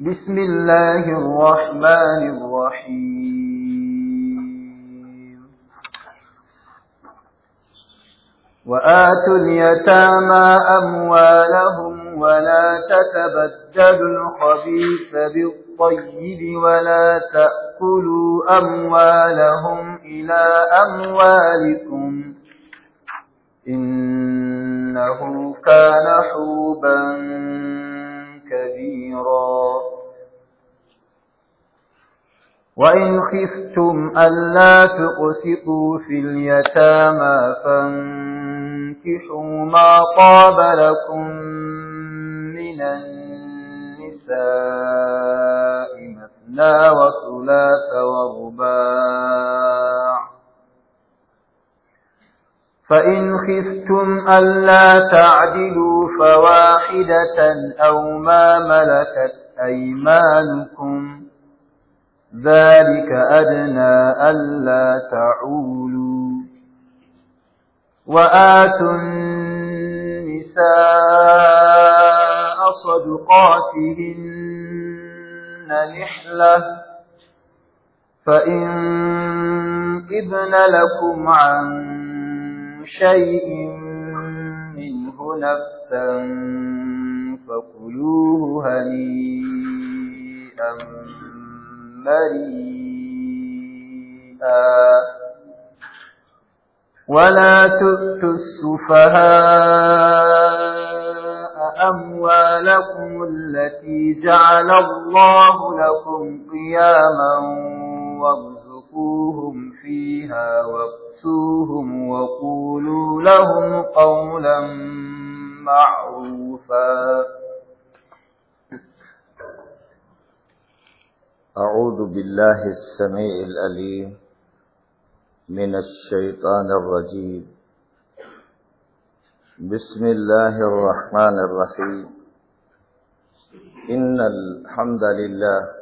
بسم الله الرحمن الرحيم وآتوا اليتامى أموالهم ولا تتبدلوا الخبيث بالطيب ولا تأكلوا أموالهم إلى أموالكم إنه كان حوبا كبيرا وإن خفتم ألا تقسطوا في اليتامى فانكحوا ما طاب لكم من النساء مثنى وثلاث ورباع فإن خفتم ألا تعدلوا فواحدة أو ما ملكت أيمانكم ذلك أدنى ألا تعولوا وآتوا النساء صدقاتهن نحلة فإن إذن لكم عن شيء منه نفسا فكلوه هنيئا مريئا ولا تؤتوا السفهاء أموالكم التي جعل الله لكم قياما وارزقوا فاسلكوهم فيها واقسوهم وقولوا لهم قولا معروفا أعوذ بالله السميع الأليم من الشيطان الرجيم بسم الله الرحمن الرحيم إن الحمد لله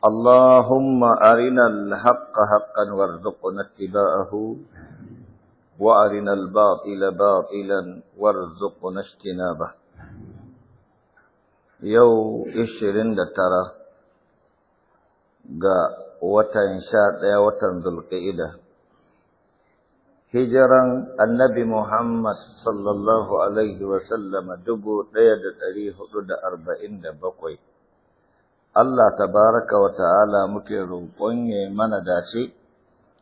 Allahumma اللهم أرنا الحق حقا وارزقنا اتباعه وأرنا الباطل باطلا وارزقنا اجتنابه يو إشرين دترى ga watan sha ɗaya watan zulƙa'ida hijiran annabi Muhammad sallallahu alaihi wasallam dubu ɗaya da ɗari hudu da Allah tabaraka wa ta'ala muke roƙon mana dace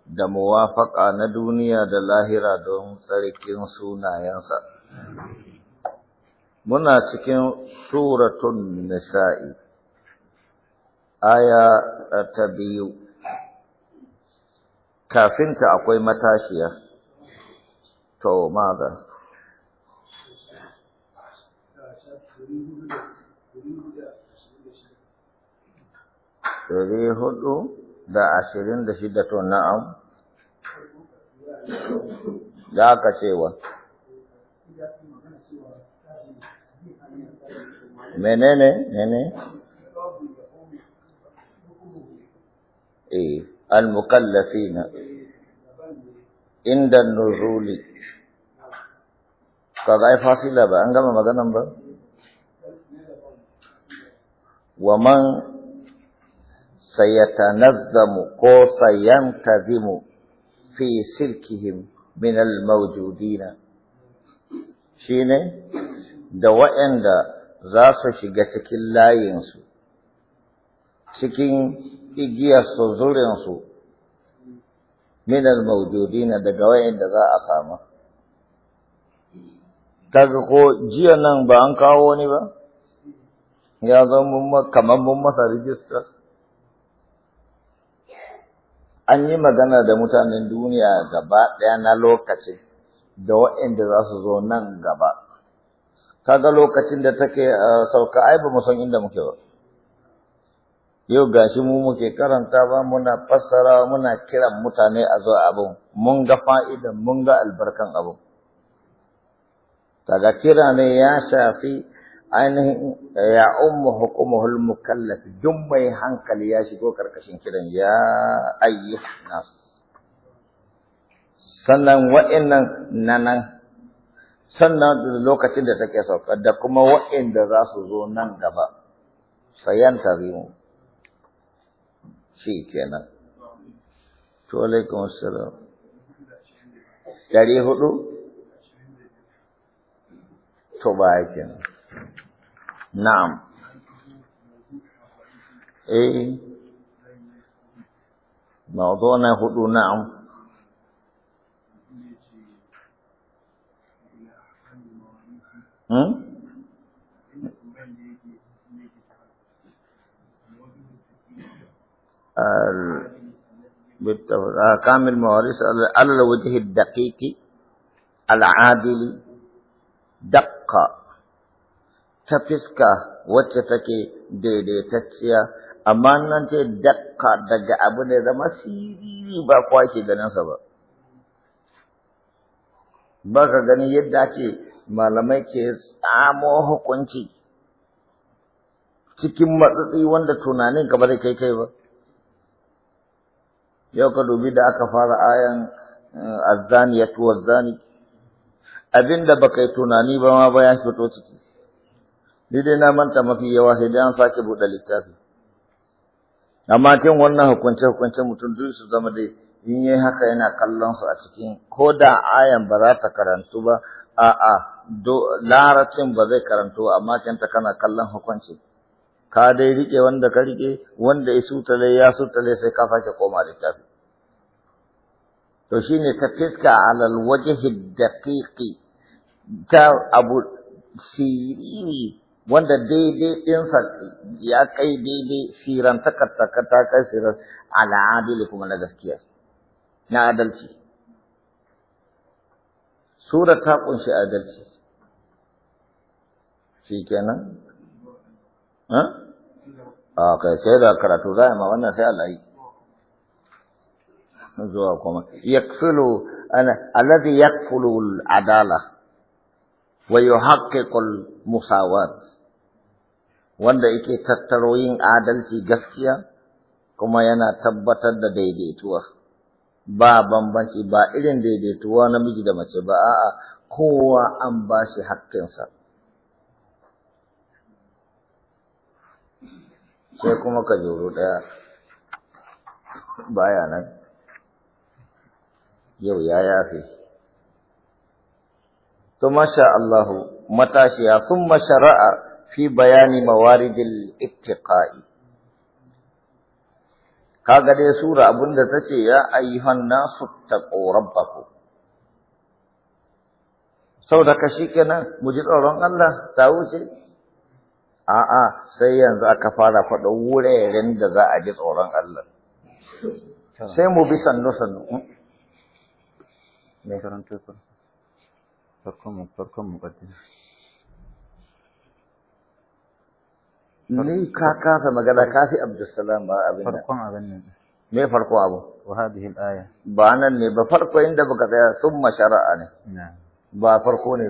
da muwafaƙa na duniya da lahira don tsarkin sunayensa. Muna cikin suratun nisa'i, aya ta biyu, kafinta akwai matashiya, to magana. ɗari hudu da ashirin da shida to na'am da aka cewa menene menene eh al-mukallafina inda nuzuli ka ga fasila ba an gama maganan ba wa man سيتنظم كو سينتظم في سلكهم من الموجودين شيني da waɗanda za su shiga cikin layinsu, cikin igiyarsu zurinsu, minal maujudina daga waɗanda za a samu. Kaga ko jiya nan ba an kawo wani ba, ya zama kamar mun masa rijista. an yi magana da mutanen duniya gaba ɗaya na lokaci da waɗanda za su zo nan gaba kaga lokacin da take uh, sauka ai ba mu san inda muke ba yau ga shi mu muke karanta ba muna fassara muna kiran mutane a zo abin mun ga fa'idan mun ga albarkan abin kaga kira ne ya shafi ainihin ya ummu hukumuhul mukallaf duk mai hankali ya shigo karkashin kiran ya ayyuhan nas sannan wa'annan nanan sannan lokacin da take sauka da kuma wa'anda za su zo nan gaba sayanta zimu shi kenan to alaikum assalam dari hudu to ba kenan نعم اي موضوعنا هدو نعم أحكام آه، المواريث على الوجه الدقيق العادل دقة ta fiska wacce take daidaitacciya amma nan ce dakka daga abu da zama siriri ba kwa ke ganinsa ba ba ka gani yadda ake malamai ke tsamo hukunci cikin matsatsi wanda tunanin ka ba zai kai kai ba yau ka dubi da aka fara ayan eh, azzani ya tuwa zani abinda ba kai tunani ba ma ba ya fito ciki Daidai na manta mafi yawa sai dai an sake buɗe littafi amma cikin wannan hukunce hukunce mutum duk su zama dai in yai haka yana kallon su a cikin ko da ayan ba za ta karantu ba a'a do laracin ba zai karantu amma kin ta kana kallon hukunci ka dai rike wanda ka rike wanda ya sutale ya sutale sai ka sake koma littafi to shine ka fiska alal wajhi daqiqi ta abu siriri wanda daidai ɗinsa ya kai daidai siran ta kai siran al'adili kuma na gaskiya na adalci sura ta kunshi adalci shi kenan a kai sai da karatu za ma wannan sai Allah yi zuwa kuma yakfulu ana alladhi yakfulu al'adala adala wa yuhaqqiqu al-musawat wanda yake tattaro yin adalci gaskiya kuma yana tabbatar da daidaituwa ba bambanci ba irin daidaituwa namiji da mace ba a'a kowa an ba shi haƙƙinsa sai kuma ka joro ɗaya baya nan yau ya yafe to masha Allahu matashiya sun mashara'a fi bayani mawaridil ittiqa'i kaga dai sura abinda tace ya ayyuhan nasu taqu rabbakum saboda ka kenan mu ji tsoron Allah ta wuce a'a sai yanzu aka fara faɗa wuraren da za a ji tsoron Allah sai mu bi sannu sannu me farko mu farko mu ni ka kafa magana kafi Abdulsalam ba abin farkon abin ne me farko abu wa hadhihi al-aya ba nan ne ba farko inda baka tsaya summa shar'a ne ba farko ne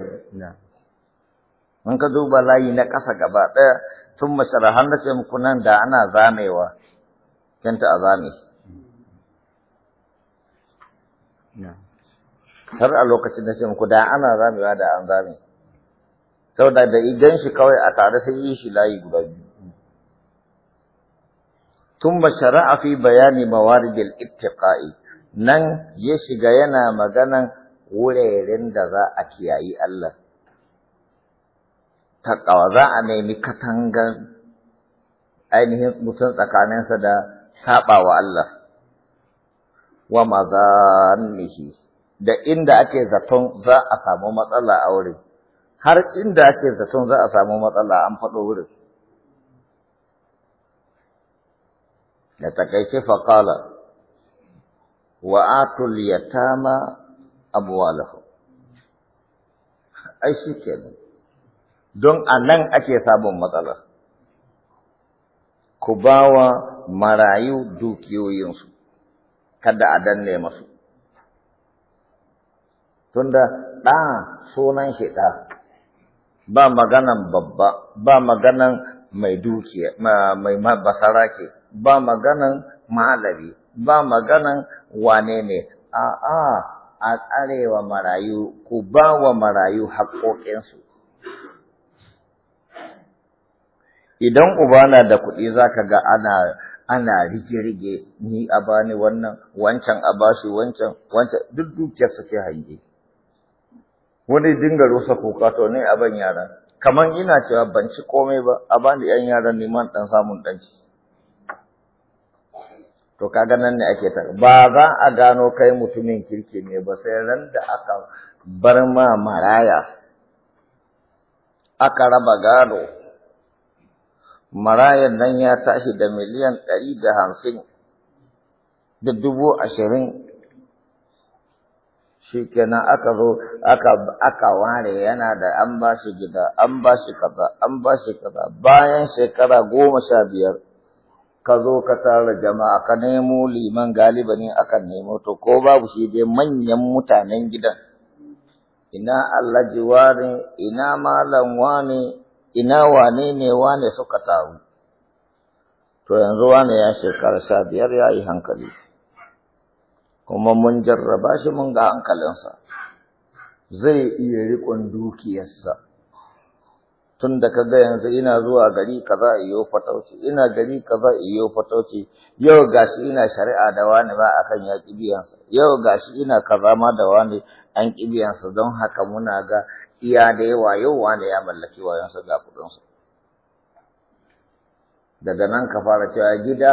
Mun ka duba layi na ƙasa gaba daya summa shar'a har nace muku nan da ana zamewa kanta a zame har a lokacin nace muku da ana zamewa da an zame saboda da idan shi kawai a tare sai yi shi layi guda biyu ثم شرع bayani بيان موارد الاتقاء Nan ya shiga yana maganan wuraren da za a kiyayi Allah taqwa za a nemi katangan ainihin mutum tsakaninsa da saɓawa Allah wa mazannihi da inda ake zaton za a samu matsala a wurin har inda ake zaton za a samu matsala an faɗo wurin da takaice faƙala wa atul yatama amwalahum ai shi kenan don a nan ake sabon matsala ku bawa marayu dukiyoyinsu kada a danne masu tunda ɗa sunan shi ɗa ba maganan babba ba maganan mai dukiya mai basara ke ba maganan malami ba maganan wane ne a'a a tsarewa marayu ku ba wa marayu haƙoƙinsu idan uba na da kuɗi zaka ga ana ana rige-rige ni a bani wannan wancan a bashi wancan wancan duk dukiyar su hange wani dinga rusa kuka to ne a ban yaran. kamar ina cewa ban ci komai ba a bani yan yaran neman ɗan samun ɗanci. to kaga nan ne ake ta ba za a gano kai mutumin kirki ne ba sai ran da aka bar ma maraya aka raba gado marayan nan ya tashi da miliyan ɗari da hamsin da dubu ashirin shi kenan aka zo aka aka ware yana da an ba shi gida an ba shi kaza an ba shi kaza bayan shekara goma sha biyar ka zo ka tara jama'a ka nemo liman galiba ne akan nemo to ko babu shi dai manyan mutanen gidan ina alhaji wane ina malam wane ina wane ne wane suka taru to yanzu wane ya shekara sha biyar ya yi hankali kuma mun jarraba shi mun ga hankalinsa zai iya riƙon dukiyarsa tun da ka ga yanzu ina zuwa gari kaza iyo fatauci ina gari kaza iyo fatauci yau gashi ina shari'a da wani ba akan ya ƙibiyansa yau gashi ina kaza ma da wani an ƙibiyansa don haka muna ga iya da yawa yau wani ya mallaki wayansa ga kudinsa daga nan ka fara cewa gida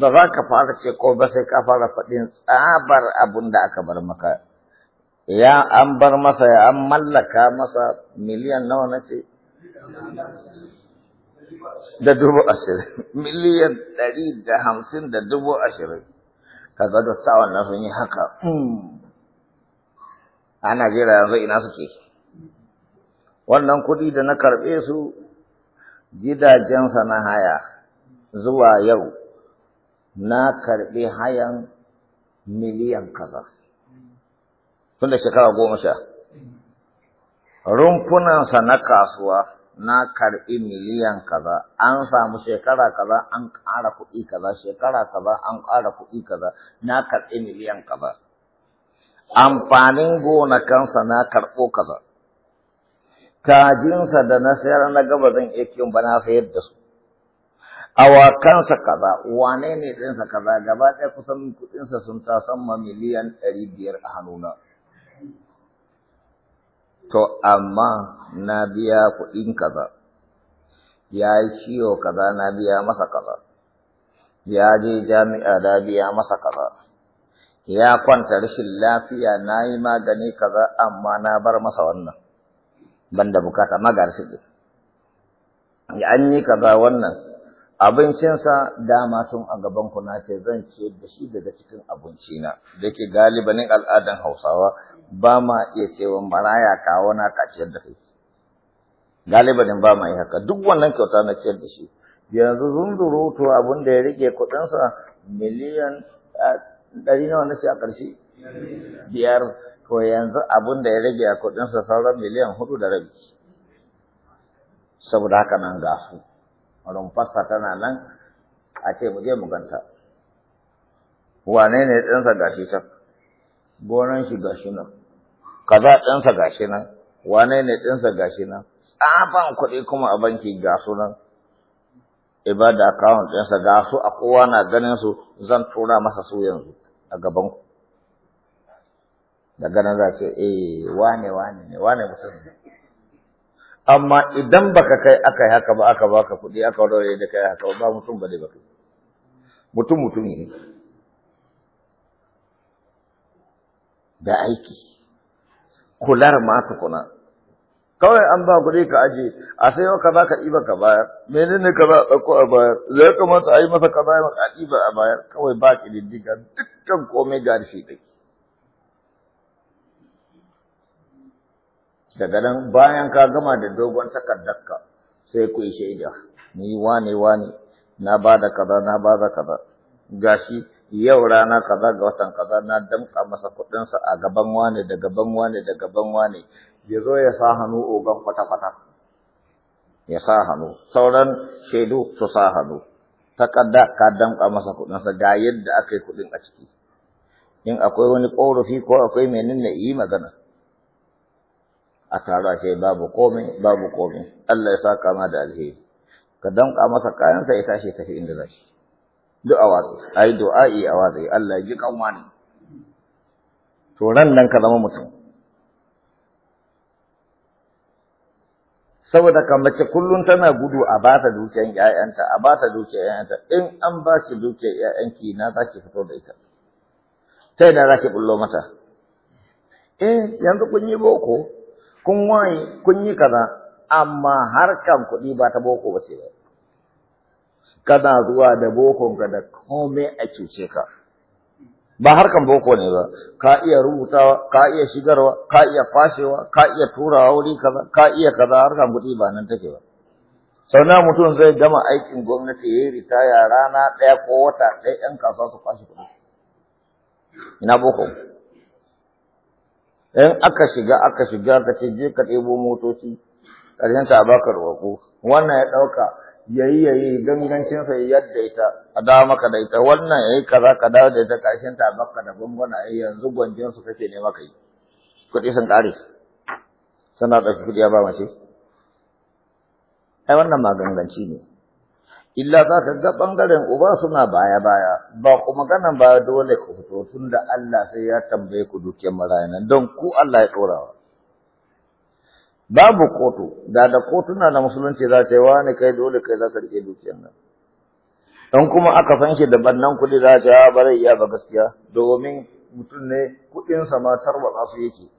ba za ka fara ce ko ba sai ka fara faɗin tsabar abun da aka bar maka ya an bar masa ya an mallaka masa miliyan nawa na ce da dubu ashirin miliyan ɗari da hamsin da dubu ashirin kaga dattawan na sun yi haka hmm. a najeriya yanzu ina suke wannan kuɗi da na karɓe su gidajensa na haya zuwa yau na karɓi hayan miliyan kaza. tunda shekara goma sha rumfunansa na kasuwa na karɓi miliyan kaza an samu shekara kaza an ƙara kuɗi kaza shekara kaza an ƙara kuɗi kaza na karɓi miliyan kaza amfanin gonakansa na karɓo kaza kajinsa da na sayar na gaba zan iya kiyon ba na sayar da su awakansa kaza wane ne ɗinsa kaza gaba ɗaya kusan kuɗinsa sun ta sama miliyan ɗari biyar a hannuna. to amma na biya kuɗin kaza ya yi ciwo kaza na biya masa kaza ya je jami'a na biya masa kaza ya kwanta rashin lafiya na yi magani kaza amma na bar masa wannan banda bukata ne an yi kaza wannan abincinsa dama tun a gaban ku na ce zan ce da shi daga cikin abincina da ke galibanin al'adan hausawa ba ma iya cewa maraya kawo na ka ciyar da kai galibanin ba ma yi haka duk wannan kyauta na ciyar da shi yanzu zunzuru to abin da ya rike kuɗinsa miliyan ɗari nawa na ce a ƙarshe biyar to yanzu abin da ya rage a kuɗinsa sauran miliyan hudu da rabi saboda haka nan gafu rumfarsa tana nan a ce mu je mu ganta wane ne ɗansa gashi can gonan shi gashi nan kaza ɗansa gashi nan wane ne ɗansa gashi nan Tsafan kuɗi kuma a banki ga su nan ibada account ɗinsa ga su a kowa na ganin su zan tura masa su yanzu a gaban ku da ganin za ce eh wane wane ne wane mutum ne amma idan baka kai aka yi haka ba aka baka kuɗi aka warware ka yi haka ba mutum ba dai baka mutum mutum ne da aiki kular ma tukuna kawai an ba kuɗi ka aje a yau ka za ka ɗiba ka bayar menene ka za a ɗauko a bayar zai kamata a yi masa ka kaza a ɗiba a bayar kawai ba ƙididdiga dukkan komai gari shi daga nan bayan ka gama da dogon takardarka sai ku yi shaida ni wane wane na ba da kaza na ba da kaza gashi yau rana kaza ga watan kaza na damƙa masa kuɗinsa a gaban wane da gaban wane da gaban wane ya zo ya sa hannu ogan kwata-kwata ya sa hannu sauran shaidu su sa hannu takarda ka damƙa masa kuɗinsa ga yadda aka yi kuɗin a ciki in akwai wani ƙorafi ko akwai menene yi magana a taro ce babu komai babu komai Allah ya sa kama da alheri ka danka masa kayansa ya tashi tafi inda zai du'a A ai du'a'i a wazi Allah ya ji kan wani to ran nan ka zama mutum saboda kan mace kullum tana gudu a ba ta dukiyar ƴaƴanta a ba ta dukiyar ƴaƴanta in an ba ki dukiyar ƴaƴanki na za ki fito da ita ta yadda za ki bullo mata eh yanzu kun yi boko kun wani kun yi kaza amma harkan kuɗi ba ta boko ba ce ba kana zuwa da bokonka da komai a cuce ka ba harkan boko ne ba ka iya rubutawa ka iya shigarwa ka iya fashewa ka iya turawa wuri kaza ka iya kaza harkan kuɗi ba nan take ba sau na mutum zai gama aikin gwamnati ya yi ritaya rana ɗaya ko wata ɗaya ɗan kasuwa su kwashe kuɗi ina boko in aka shiga aka shiga ka ce je ka ɗebo motoci ƙarshen ta baka roƙo wannan ya ɗauka yayi yayi gangancin sai yadda ita a dawo maka da ita wannan yayi kaza ka dawo da ita ƙarshen ta baka da gwangwana ai eh, yanzu gwanjin su kake ne maka yi kuɗi sun ƙare sana ɗauki kuɗi ya ba mace ai wannan ma ganganci ne illa za ka ga ɓangaren uba suna baya-baya ba ku magana ba dole ku fito tun da Allah sai ya tambaye ku duke marayana don ku Allah ya ɗorawa. Babu kotu, da da kotuna na musulunci za ta yi wa ne kai dole kai za ka riƙe dukiyar nan. Don kuma aka san shi da bannan kuɗi za ta yi ah, bari iya ba gaskiya domin mutum ne kuɗinsa ma tarwatsa su yake.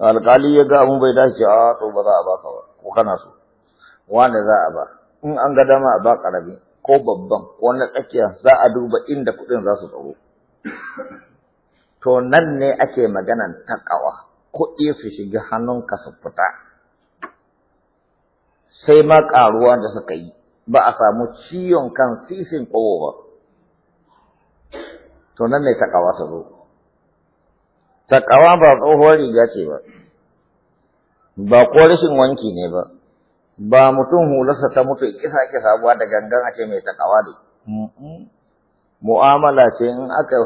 Alƙali ya ga mun bai dace a ah, to ba za a ba ko kana so. za a ba. in an ga dama a ba ƙarami ko babban ko na tsakiya za a duba inda kuɗin za su tsaro to nan ne ake maganan takawa kuɗi su shiga hannunka su fita sai ma ƙaruwa da suka yi ba a samu ciwon kan sisin kowo ba to nan ne takawa ta zo takawa ba tsohuwar riga ce ba ba ko rashin wanki ne ba ba mutum hularsa ta mutu kisa ke sabuwa da gangan ake mai takawa ne mu'amala ce in aka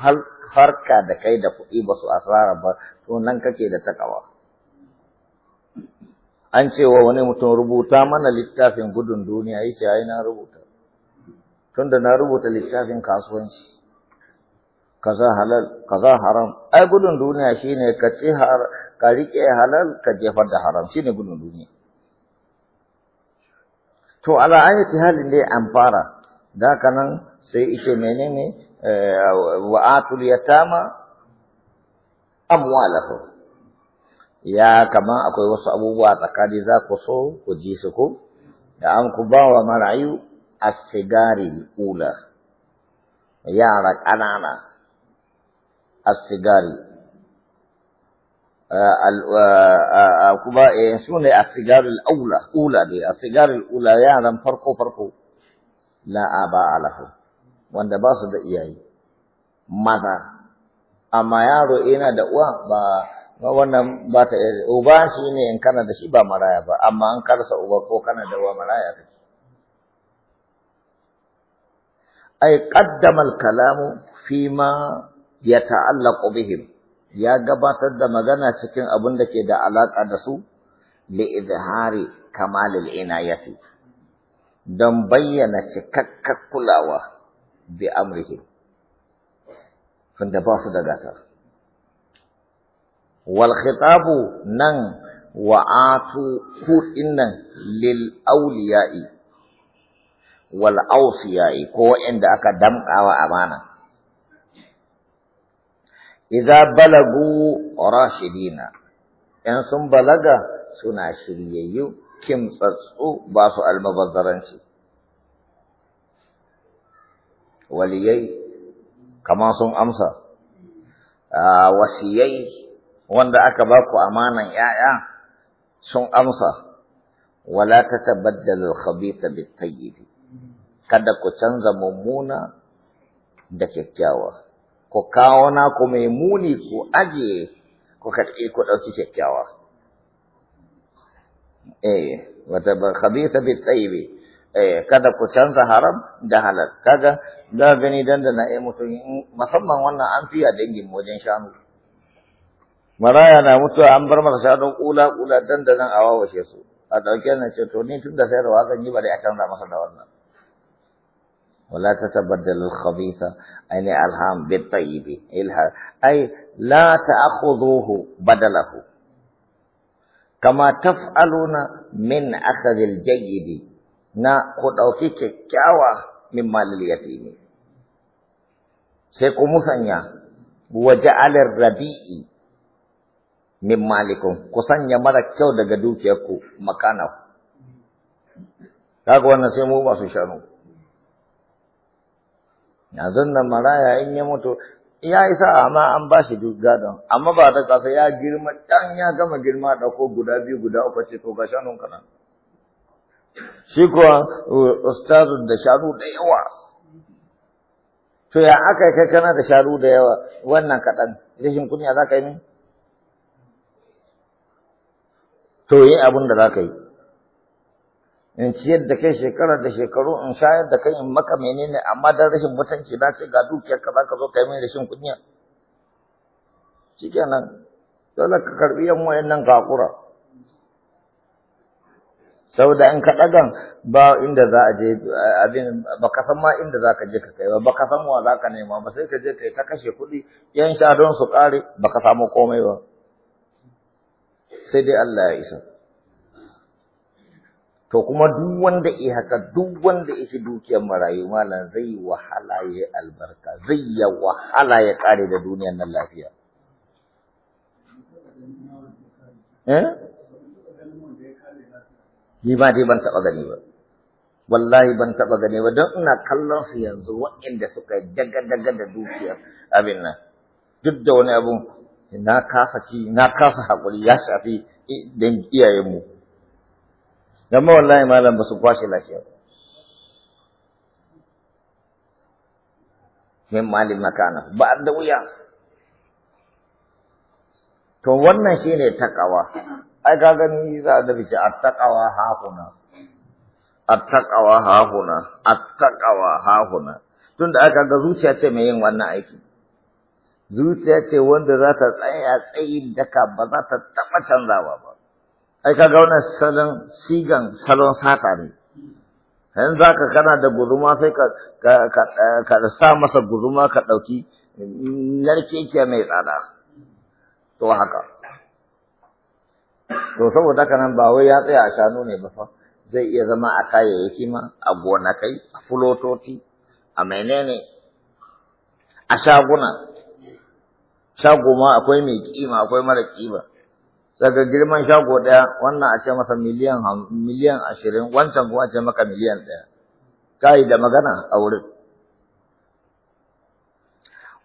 hal farka da kai da kuɗi ba su asara ba to nan kake da takawa an ce wa wani mutum rubuta mana littafin gudun duniya ya ce ai na rubuta tunda na rubuta littafin kasuwanci kaza halal kaza haram ai gudun duniya shine ka ci har ka rike halal ka jefar da haram shine gudun duniya to ala ayati halin dai an fara da kanan sai ishe menene eh, wa atul yatama amwalahu ya kama akwai wasu abubuwa tsakani za ku so ku ji su ku da an ku ba wa marayu sigari ula yara ƙanana sigari. kuma su ne a sigarul aula ula ne a sigarul ula yaran farko farko la a lafi wanda ba su da iyaye Mata amma yaro yana da uwa ba wannan ba ta uba shi ne in kana da shi ba maraya ba amma an karsa uba ko kana da uwa maraya ba ai kalamu fi ma ya yata'allaqu bihim ya gabatar da magana cikin abin da ke da alaƙa da su li'izhari kamalil inayati don bayyana cikakkar kulawa bi amrihi tunda ba su da gasar wal khitabu nan wa atu ku innan lil awliya'i wal awsiya'i ko wa'inda aka damƙawa amana idza balagu rashidina in sun balaga suna shiryayyu kimtsatsu ba su almubazzaranci waliyai kamar sun amsa wasiyai wanda aka ba ku amanan ‘ya'ya sun amsa wala ta tabaddalu khabitha bit tayyib kada ku canza mummuna da kyakkyawa Ko kawo naku mai muni ku ajiye ko karɓi ko ɗauki kyakkyawa. Eh, wata ba khabisa bi tsayibi, eh, kada ku canza haram da halal, kaga da gani dan da na mutum musamman wannan an fiya dangin wajen shanu. Maraya na mutuwa an bar masa shanu kula kula dandanan a wawashe su, a ɗauke na ce to ni tun da sayarwa zan yi bare a canza masa da wannan. ولا تتبدل الخبيث يعني أين ألهام بالطيب إلها أي لا تأخذوه بدله كما تفعلون من أخذ الجيد نا قدوكي كاوة من مال اليتيم سيكو مسانيا وجعل الربيع من مالكم كسانيا sanya كيو دقدوك يكو مكانه كاكو أنا سيمو باسو mu yanzu nan maraya in ya mutu ya isa amma an ba shi duk gadon amma ba ta kasa ya girma can ya gama girma da ko guda biyu guda uku ce to ga shanun kana shi ko ustazu da sharu da yawa to ya aka kai kana da sharu da yawa wannan kaɗan rashin kunya za ka yi ne to yi abin da za ka yi in ciyar da kai shekara da shekaru in shayar da kai in maka menene amma dan rashin mutunci na ce ga dukiyar ka zaka zo kai mai rashin kunya shikenan dole ka karbi yan wayannan kakura saboda in ka dagan ba inda za a je abin ba. ka san ma inda za ka je ka kai ba ka san wa za ka nema ba sai ka je kai ta kashe kuɗi yan sha don su kare baka samu komai ba sai dai Allah ya isa To kuma duk wanda ya haka duk wanda yake dukiyar marayu malam zai wahala ya albarka zai ya wahala ya kare da duniyar nan lafiya. Eh? Ni ba dai ban taba gani ba. Wallahi ban taɓa gani ba don ina kallon su yanzu waɗanda suka daga-daga da dukiyar abin nan. Duk da wani abun na kasa ci na kasa hakuri, ya shafi eh, dan iyayenmu. dan wallahi malam ba su kwashe lafiya min mali makana ba da wuya to wannan shine takawa ai ka gani za da bice attaqawa hahuna attaqawa hahuna attaqawa hahuna tunda aka ga zuciya ce mai yin wannan aiki zuciya ce wanda za ta tsaya tsayin daka ba za ta taɓa canzawa ba ai ka ga wannan salon sigan salon sata ne yanzu za ka kana da guduma sai ka sa masa guduma ka ɗauki narkekiya mai tsada to haka to saboda haka nan ba wai ya tsaya a shanu ne ba fa zai iya zama a kayayyaki ma a gonakai a fulototi a menene a shaguna shago ma akwai mai kima akwai mara kima daga girman shago ɗaya wannan a ce masa miliyan miliyan ashirin wancan kuma a ce maka miliyan ɗaya kai da magana a wurin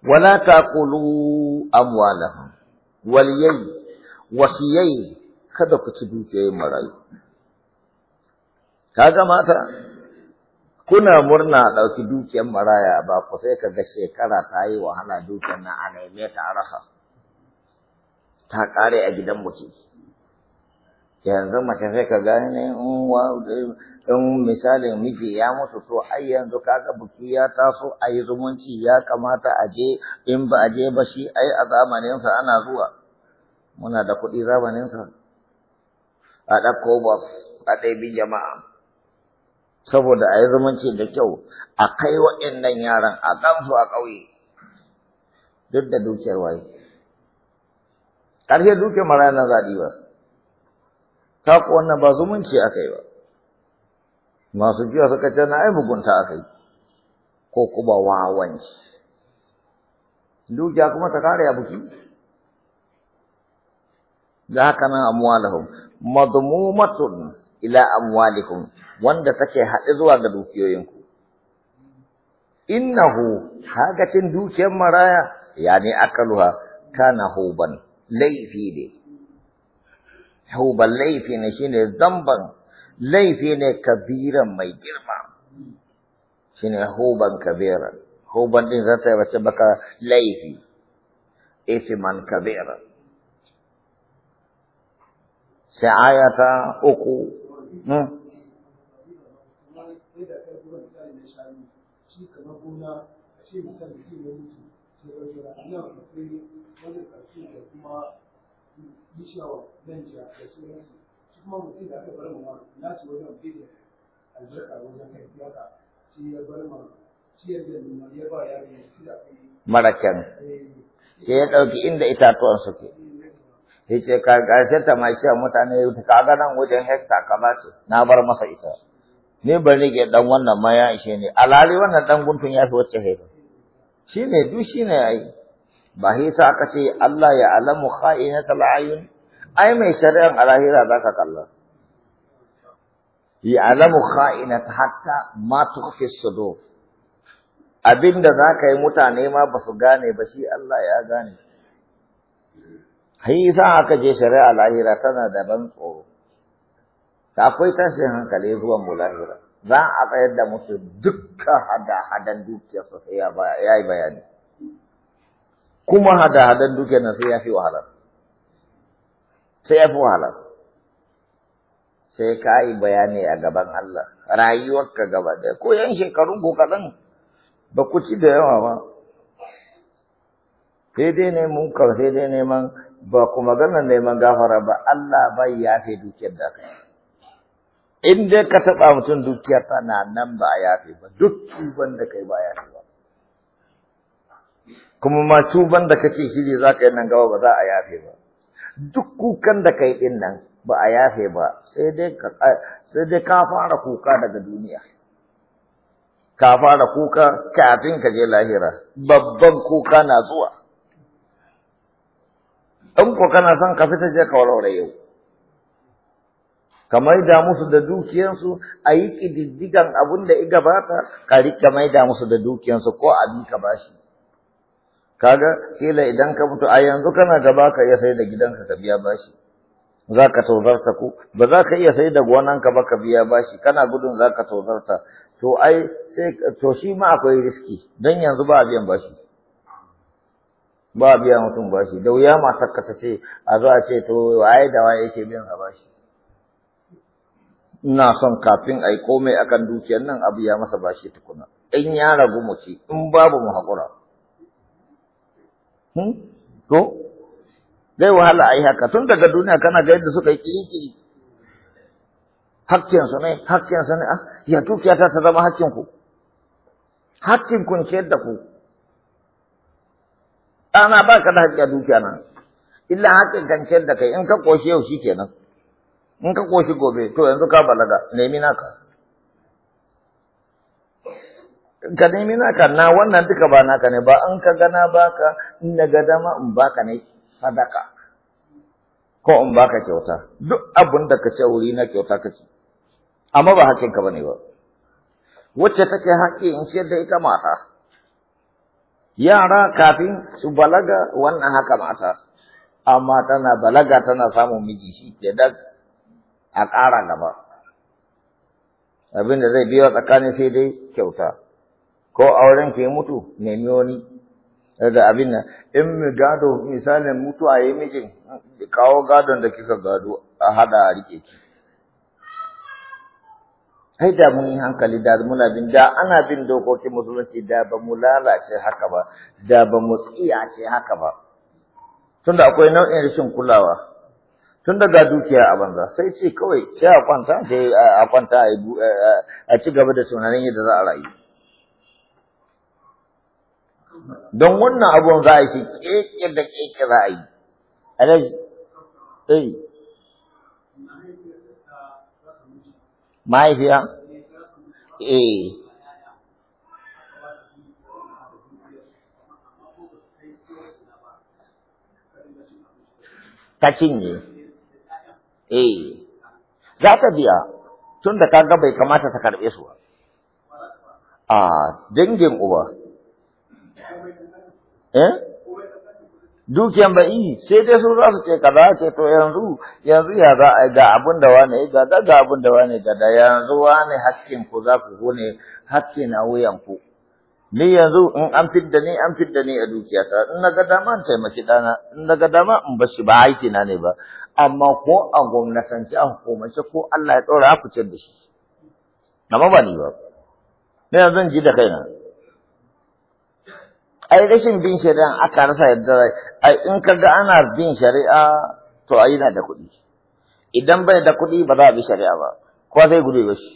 wala taqulu amwalahum waliyai wasiyai kada ku ci dukiyoyin marayu kaga mata kuna murna a ɗauki dukiyar maraya ba ku sai kaga shekara ta yi wahala dukiyar na a neme ta rasa ta ƙare a gidan buki yanzu mace sai ka gane ne in misalin miji ya mutu to ai yanzu kaga buki ya taso a yi zumunci ya kamata a je in ba a je ba shi ai a zamaninsa ana zuwa muna da kuɗi zamaninsa a ɗauko a ɗaibi jama'a saboda a yi zumunci da kyau a kai wa'innan yaran a ɗansu a ƙauye duk da dukiyar waye ƙarfe duke mara na zaɗi ba ta ku wannan ba zumunci aka yi ba masu jiya suka ce na ai aka yi ko kuma wawanci dukiya kuma ta kare abuki da haka nan amwalahum madmumatun ila amwalikum wanda take haɗe zuwa ga dukiyoyinku innahu hagacin dukiyar maraya yani akaluha kana huban laifi ne tauban laifi ne shine zamban laifi ne kabiran mai girma shine huban kabiran huban din zata wace baka laifi isiman kabiran sai ayata uku shi kamar gona shi ne mutu Mara ƙarshe da da sauransu shi kuma mutum da ka shi ya bar da eh. ya ɗauki inda itatuwan suke eh, ya ce ka ƙarshen ta mai mutane ya ka ga nan wajen hekta kaza ce na bar masa ita ni ni rike dan wannan ma ya ishe ni alhali wannan dan guntun ya fi wacce hekta shi ne duk shi ne ya yi ba shi sa aka ce Allah ya alamu kha'inatal ayun ai mai shari'an alahira zaka kalla ya alamu kha'inat hatta ma tukhfi sudur abinda zaka yi mutane ma ba su gane ba shi Allah ya gane shi sa aka je shari'a lahira tana da ban tsoro ta akwai tashin hankali zuwan mu lahira za a tsayar da musu dukkan hada-hadan dukiyarsa sai ya yi bayani kuma hada-hadan duke nan sai ya fi wahala, sai ya fi wahala, sai ka yi bayani a gaban Allah rayuwarka gaba da ko yan shekarun ko kaɗan ba ku ci da yawa ba sai dai ne mun kar sai dai neman ba kuma ganin neman gafara ba Allah bai yafe dukiyar da ka in dai ka taɓa mutum dukiyar na nan ba a yafe ba duk tuban da kai ba yafe ba kuma ma tuban da kake ne za ka yi nan gaba ba za a yafe ba duk kukan da kai din nan ba a yafe ba sai dai ka sai fara kuka daga duniya ka fara kuka kafin ka je lahira babban kuka na zuwa in ko kana son ka fita je ka warware yau ka maida musu da dukiyansu a yi ƙididdigan abin da i gabata ka maida musu da dukiyansu ko abin ka bashi kaga kila idan ka mutu a yanzu kana gaba ka iya sai da gidanka ka biya bashi za ka tozarta ku ba za ka iya sai da gonanka ba ka biya bashi kana gudun za ka tozarta to ai sai to shi ma akwai riski Dan yanzu ba a biyan bashi ba a biya mutum bashi da wuya matarka ta ce a zo a ce to ai da waye yake biyan sa bashi ina son kafin a yi komai akan dukiyar nan a biya masa bashi tukuna in ya ragu mu ce, in babu mu haƙura To? Hmm? zai wahala a yi haka tun daga duniya kana ga yadda suka yi kirikiri hakkinsu ne hakkinsu ne a? Ah, ya dukiya ta ta zama Hakkin kun ce da ku ana ba ka da hakki a dukiya nan illa hakkin kan ce da kai in ka koshi yau shi kenan in ka koshi gobe to yanzu ka balaga nemi naka ka nemi naka na wannan duka ba naka ne ba an ka gana baka in na ga dama in baka ne sadaka ko in baka kyauta duk abin da ka ce wuri na kyauta ka ci amma ba hakkin ka bane ba wacce take haƙƙi in ce da ita mata yara kafin su balaga wannan haka mata amma tana balaga tana samun miji shi ke da a ƙara gaba abin da zai biyo tsakanin sai dai kyauta ko auren ke mutu nemi wani da abin nan in gado misalin mutuwa yi mijin kawo gadon da kika gado a hada a rike ki ai da mun hankali da muna bin da ana bin dokokin musulunci da ba mu lalace haka ba da ba mu ce haka ba tunda akwai nau'in rashin kulawa tun daga dukiya a banza sai ce kawai sai a kwanta sai a kwanta a ci gaba da tunanin yadda za a rayu don wannan abun za a yi keke da keke za a yi alai eh mahaifiya eh ta cinye eh za ta biya tun da kaga bai kamata ta karɓe su ba a ah, dangin uba eh dukiyan ba yi sai dai su zasu ce kaza ce to yanzu yanzu ya za a ga abin da wane ga da ga abin da wane ga da yanzu wane hakkin ku za ku gone hakki na wuyan ku ni yanzu in an fidda ni an fidda ni a dukiyata in na ga dama in taimaki dana in na ga dama in bashi ba aiki na ne ba amma ko a gwamnatance a hukumance ko Allah ya tsora ku ciyar da shi amma ba ni ba ni yanzu ji da kaina ai rashin bin shari'a aka rasa yadda ai in ka ga ana bin shari'a to ai yana da kuɗi idan bai da kuɗi ba za a bi shari'a ba Kowa sai gudu ba shi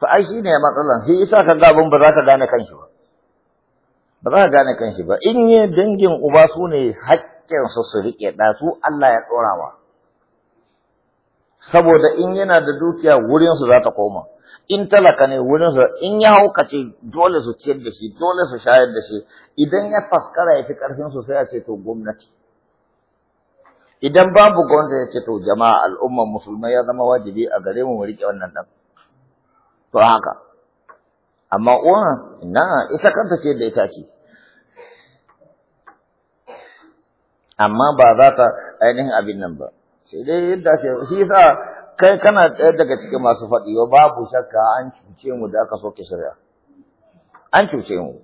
to ai shi ne matsalan shi isa ka ga abin ba za ka gane kanshi ba ba za ka gane kanshi ba in yi dangin uba su ne haƙƙin su su riƙe da su Allah ya ɗorawa saboda in yana da dukiya wurinsu za ta koma in talaka ne wurin su in ya haukace dole su ciyar da shi dole su shayar da shi idan ya faskara ya fi karfin su sai a ce to gwamnati idan babu gwamnati ya ce to jama'a al'umman musulmai ya zama wajibi a gare mu mu rike wannan dan to haka amma uwa na ita kanta ce da ita ce amma ba za ta ainihin abin nan ba sai dai yadda shi yasa kai kana ɗaya daga cikin masu faɗi ba babu shakka an cuce mu da aka soke shari'a an cuce mu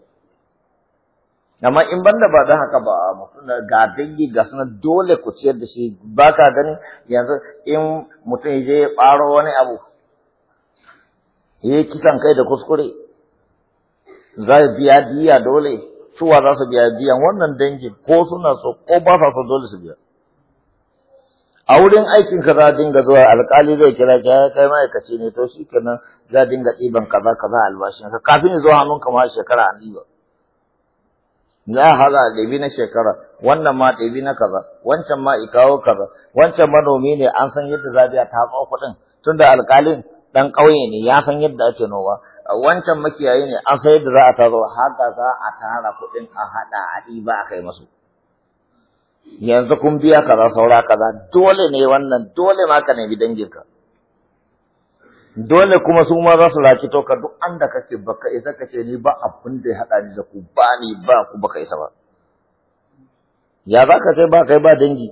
amma in da ba don haka ba mutum ga dangi ga suna dole ku ciyar da shi ba ka gani yanzu in mutum ya je ya ɓaro wani abu ya kisan kai da kuskure za biya diya dole suwa za su biya diyan wannan dangi ko suna so ko ba sa so dole su biya a wurin aikin ka za dinga zuwa alƙali zai kira ka ya kai ma'aikaci ne to shi kenan za dinga ɗiban kaza kaza albashin ka kafin ya zo hannun ka ma shekara a ɗiba za a haɗa ɗabi na shekara wannan ma ɗabi na kaza wancan ma ikawo kaza wancan manomi ne an san yadda za a taɓa kuɗin tunda alƙalin ɗan ƙauye ne ya san yadda ake nowa wancan makiyayi ne an san yadda za a taro haka za a tara kuɗin a haɗa a ɗiba a kai masu yanzu kun biya kaza saura kaza dole ne wannan dole ma ka nemi danginka dole kuma su ma za su raki to ka duk an da kake baka isa kace ni ba abin da ya haɗa ni da ku ba ni ba ku baka isa ba ya za ka sai ba kai ba dangi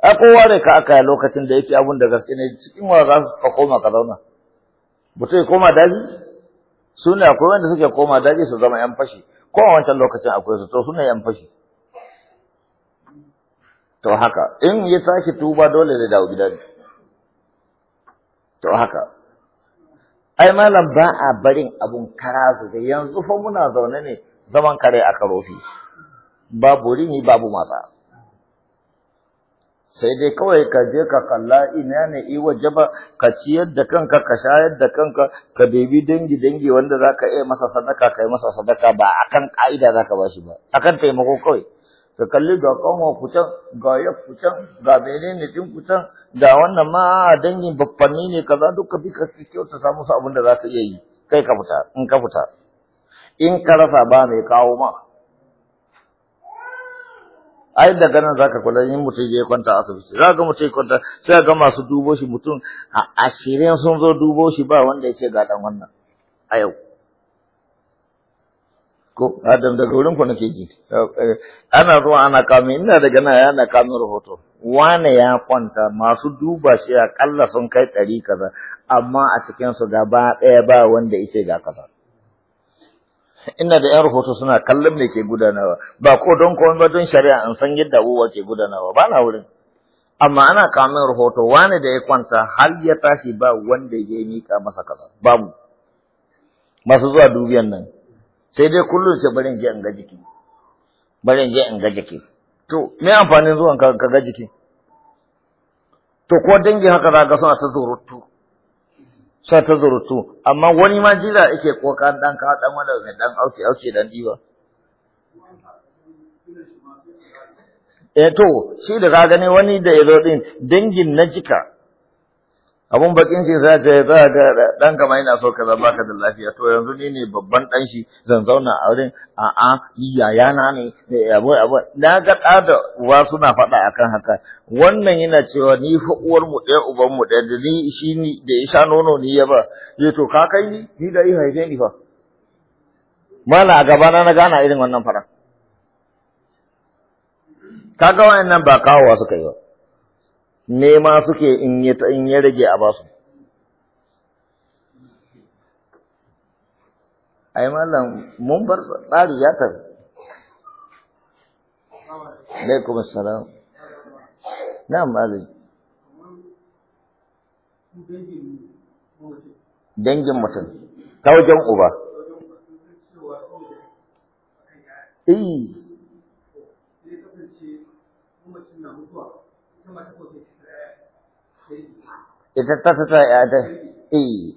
a kowa da ka aka lokacin da yake abun da gaske ne cikin wa za ka koma ka zauna mutum ya koma daji su ne akwai wanda suke koma daji su zama yan fashi kowa wancan lokacin akwai su to su ne yan fashi to haka in ya tashi tuba dole zai dawo gida to haka ai malam ba a barin abun karasu da yanzu fa muna zaune ne zaman kare a karofi babu rini babu matsa sai dai kawai ka je ka kalla ina ne i wajaba ka ciyar da kanka ka shayar da kanka ka bebi dangi dangi wanda zaka iya masa sadaka ka kai masa sadaka ba akan ka'ida zaka bashi ba akan taimako kawai ka kalli ga kanwa kucan ga ya kucan ga ne tun kucan ga wannan ma a dangin baffanni ne kaza duka bi ka kyauta samu su abin da za ka iya yi kai ka fita in ka fita in ka rasa ba mai kawo ma ai daga nan zaka kula in mutum ya kwanta asibiti za ga mutum ya kwanta sai ga masu dubo shi mutum a ashirin sun zo dubo shi ba wanda ya ce ga dan wannan a yau ko adam daga wurin ku nake ji eh, ana zuwa ana kame ina daga nan ana kame rahoto wane ya kwanta masu duba shi akalla sun kai ɗari kaza amma a cikin su gaba ɗaya ba wanda yake ga kaza ina da yan rahoto suna kallon me ke gudanawa ba ko don komai ba don shari'a an san yadda abubuwa ke gudanawa ba na wurin amma ana kamin rahoto wane da ya kwanta har ya tashi ba wanda ya mika masa kaza babu masu zuwa dubiyan nan sai dai kullum sai bari in je in ga jiki bari in je in ga jiki to me amfanin zuwan ka ga jiki to ko dangi haka za ga suna ta zurutu sai ta zurutu amma wani ma jira yake koka dan ka dan wanda mai dan auki auki dan diba eh to shi da ka gani wani da yazo din dangin na jika abun bakin shi za ce za ga dan kama yana so kaza baka da lafiya to yanzu ni ne babban dan shi zan zauna a wurin a a yaya na ne abu abu na ga da uwa suna faɗa akan haka wannan yana cewa ni fa uwar mu ɗaya uban mu ɗaya da ni shi ni da ya sha nono ni ya ba ya to ka kai ni ni da yi haife ni fa mala a gaba na na gana irin wannan fara kaga wayannan ba kawowa suka yi ba nema suke in ya rage a basu. Ai malam mun bar tsari ya tafi. Alaikum salam. Na malam. Dangin mutum, ta wajen uba. Eh. ita ta ta ya ta eh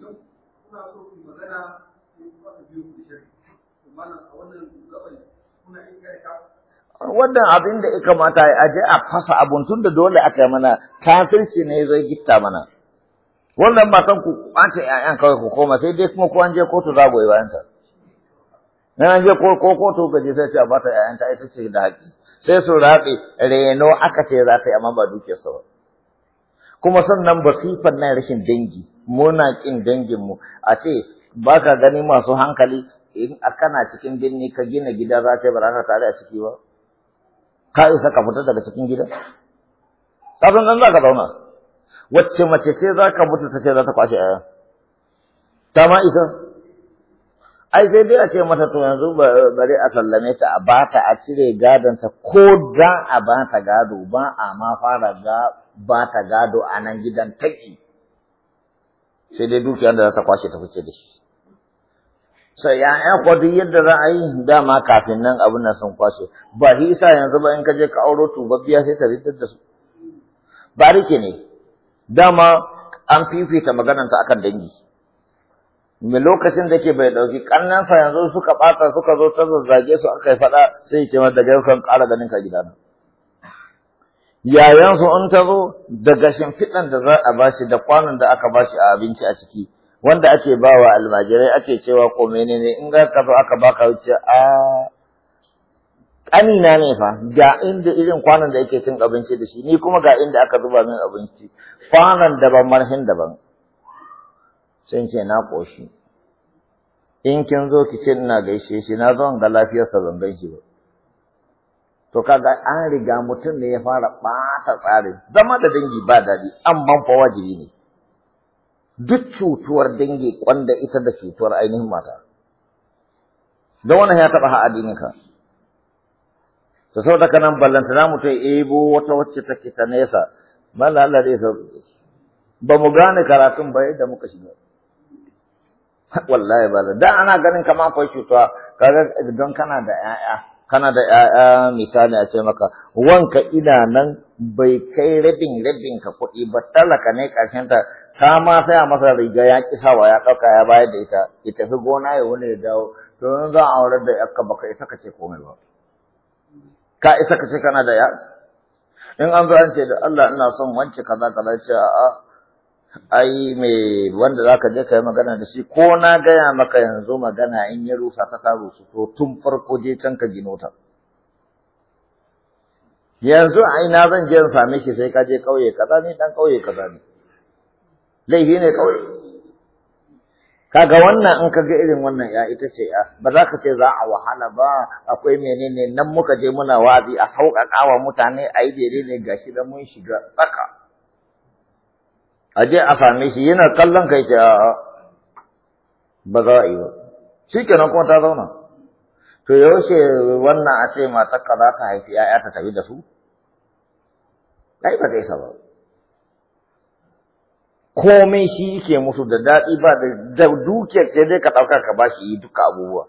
wannan abin da ya kamata a je a fasa abun tun da dole aka yi mana kafirci ne zai gitta mana wannan san ku kwace ƴaƴan kawai ku koma sai dai kuma ko an je kotu za goyi bayan ta nan an je ko kotu ka je sai ce a bata ƴaƴan ta ita ce da haƙi sai su rabe reno aka ce za ta yi amma ba duke sa ba kuma sannan sifan na rashin dangi muna kin dangin mu a ce ba ka gani masu hankali in kana cikin binni ka gina gida za ka yi baraka tare a ciki ba ka isa ka fita daga cikin gida ka san nan za ka zauna wacce mace ce za ka mutu ta ce za ta kwashe aya ta ma isa ai sai dai a ce mata to yanzu bari a sallame ta a bata a cire gadonta ko da a bata gado ba a ma fara ga ba ta gado a nan gidan taƙi sai dai dukiyar da za ta kwashe ta fice da shi sai ya ya kwadu yadda za a yi dama kafin nan abin nan sun kwashe ba shi isa yanzu ba in ka je ka auro tubabbiya sai ta riddar da su ba rike ne dama an fifita ta akan dangi me lokacin da ke bai dauki kannansa yanzu suka bata suka zo ta zazzage su aka yi fada sai ya ce ma daga yau kan ƙara ganin ka gidana yayansu in ta da daga shimfiɗan da za a bashi da kwanon da aka bashi a abinci a ciki wanda ake bawa almajirai ake cewa ko menene in ga ka zo aka baka wuce a ƙanina ne fa ga inda irin kwanon da yake cin abinci da shi ni kuma ga inda aka zuba min abinci kwanon daban marhin daban sun ce na ƙoshi in kin zo ki ce ina gaishe shi na zo ga lafiyarsa ban gaishe ba to kaga an riga mutum ne ya fara ɓata tsarin zama da dangi ba daɗi amma fa wajibi ne duk cutuwar dangi kwanda ita da cutuwar ainihin mata don wannan ya taɓa ha addininka to sau da kanan na mutum ya ebo wata wacce take ta nesa malla Allah zai ba mu gane karatun ba yadda muka shiga wallahi ba da ana ganin kamar akwai cutuwa kaga don kana da 'ya'ya kana da ‘ya'ya misali a ce maka, wanka ina nan bai kai rabin rabin ka kuɗi ba talaka ne ƙarshen ta ta ma saya masa riga ya ƙi sawa ya ɗauka ya bayar da ita, ya tafi gona ya wani ya dawo, to yanzu za aurar da ƴaƙa ba ka isa ka ce komai ba. Ka isa ka ce kana da ‘ya? In an zo an ce da Allah ina son wance kaza kaza ce a'a ai me wanda zaka je kai magana da shi ko na gaya maka yanzu magana in ya rusa ka ta rusu to tun farko je can ka gino ta yanzu ai na zan je in same shi sai ka je kauye kaza ne dan kauye kaza ne laifi ne kauye kaga wannan in ka ga irin wannan ya ita ce ya ba za ka ce za a wahala ba akwai menene nan muka je muna wazi a sauƙaƙa wa mutane a yi daidai ne gashi da mun shiga tsaka a je a same shi yana kallon kai ce a'a ba za a yi ba shi kenan kuma ta zauna to yaushe wannan a ce matar ka za ta haifi ‘ya'ya ta tafi da su ai ba zai saba komai shi yake musu da daɗi ba da dukiyar ce dai ka ɗauka ka ba shi duka abubuwa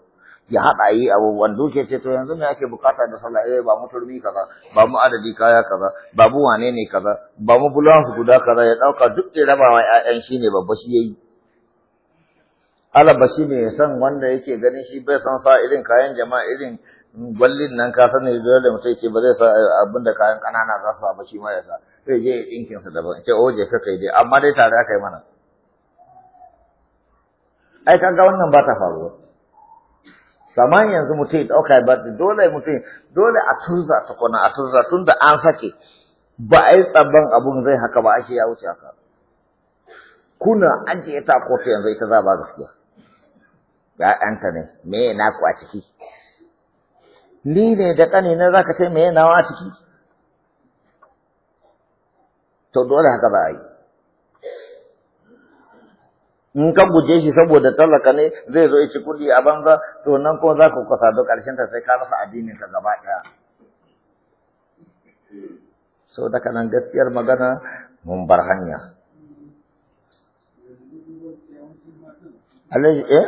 ya haɗa yi abubuwan duke ce to yanzu me ake bukata da sallah eh ba mu turmi kaza ba mu adadi kaya kaza ba mu wane ne kaza ba mu bulan guda kaza ya ɗauka duk ya raba wa ƴaƴan shi ne babba shi yayi alaba shi ne san wanda yake ganin shi bai san sa irin kayan jama'a irin gwallin nan ka sani dole mutum ce ba zai sa eh, abinda kayan kanana za su ba shi ma ya sa sai je ya ɗinkin sa daban ce oje oh, ka kai dai amma dai tare aka yi mana ai kaga wannan ba ta faruwa Saman yanzu mutum ya ɗauka ba dole mutum dole a turza tukuna a turza tun da an sake ba a yi tsabban abun zai haka ba ashe ya wuce haka. Kuna an ce ta kotu yanzu ita za ba gaskiya. ɗanta ne, me ya naku a ciki? Ni ne da ƙani na za ka ce me nawa a ciki? To dole haka za a yi. in ka guje shi saboda talaka ne zai zo ci kudi a banza to nan kuma za ka kwasa da ƙarshen ta sai ka rasa addinin ka gaba ɗaya so daga nan gaskiyar magana mun bar hanya Alhaji eh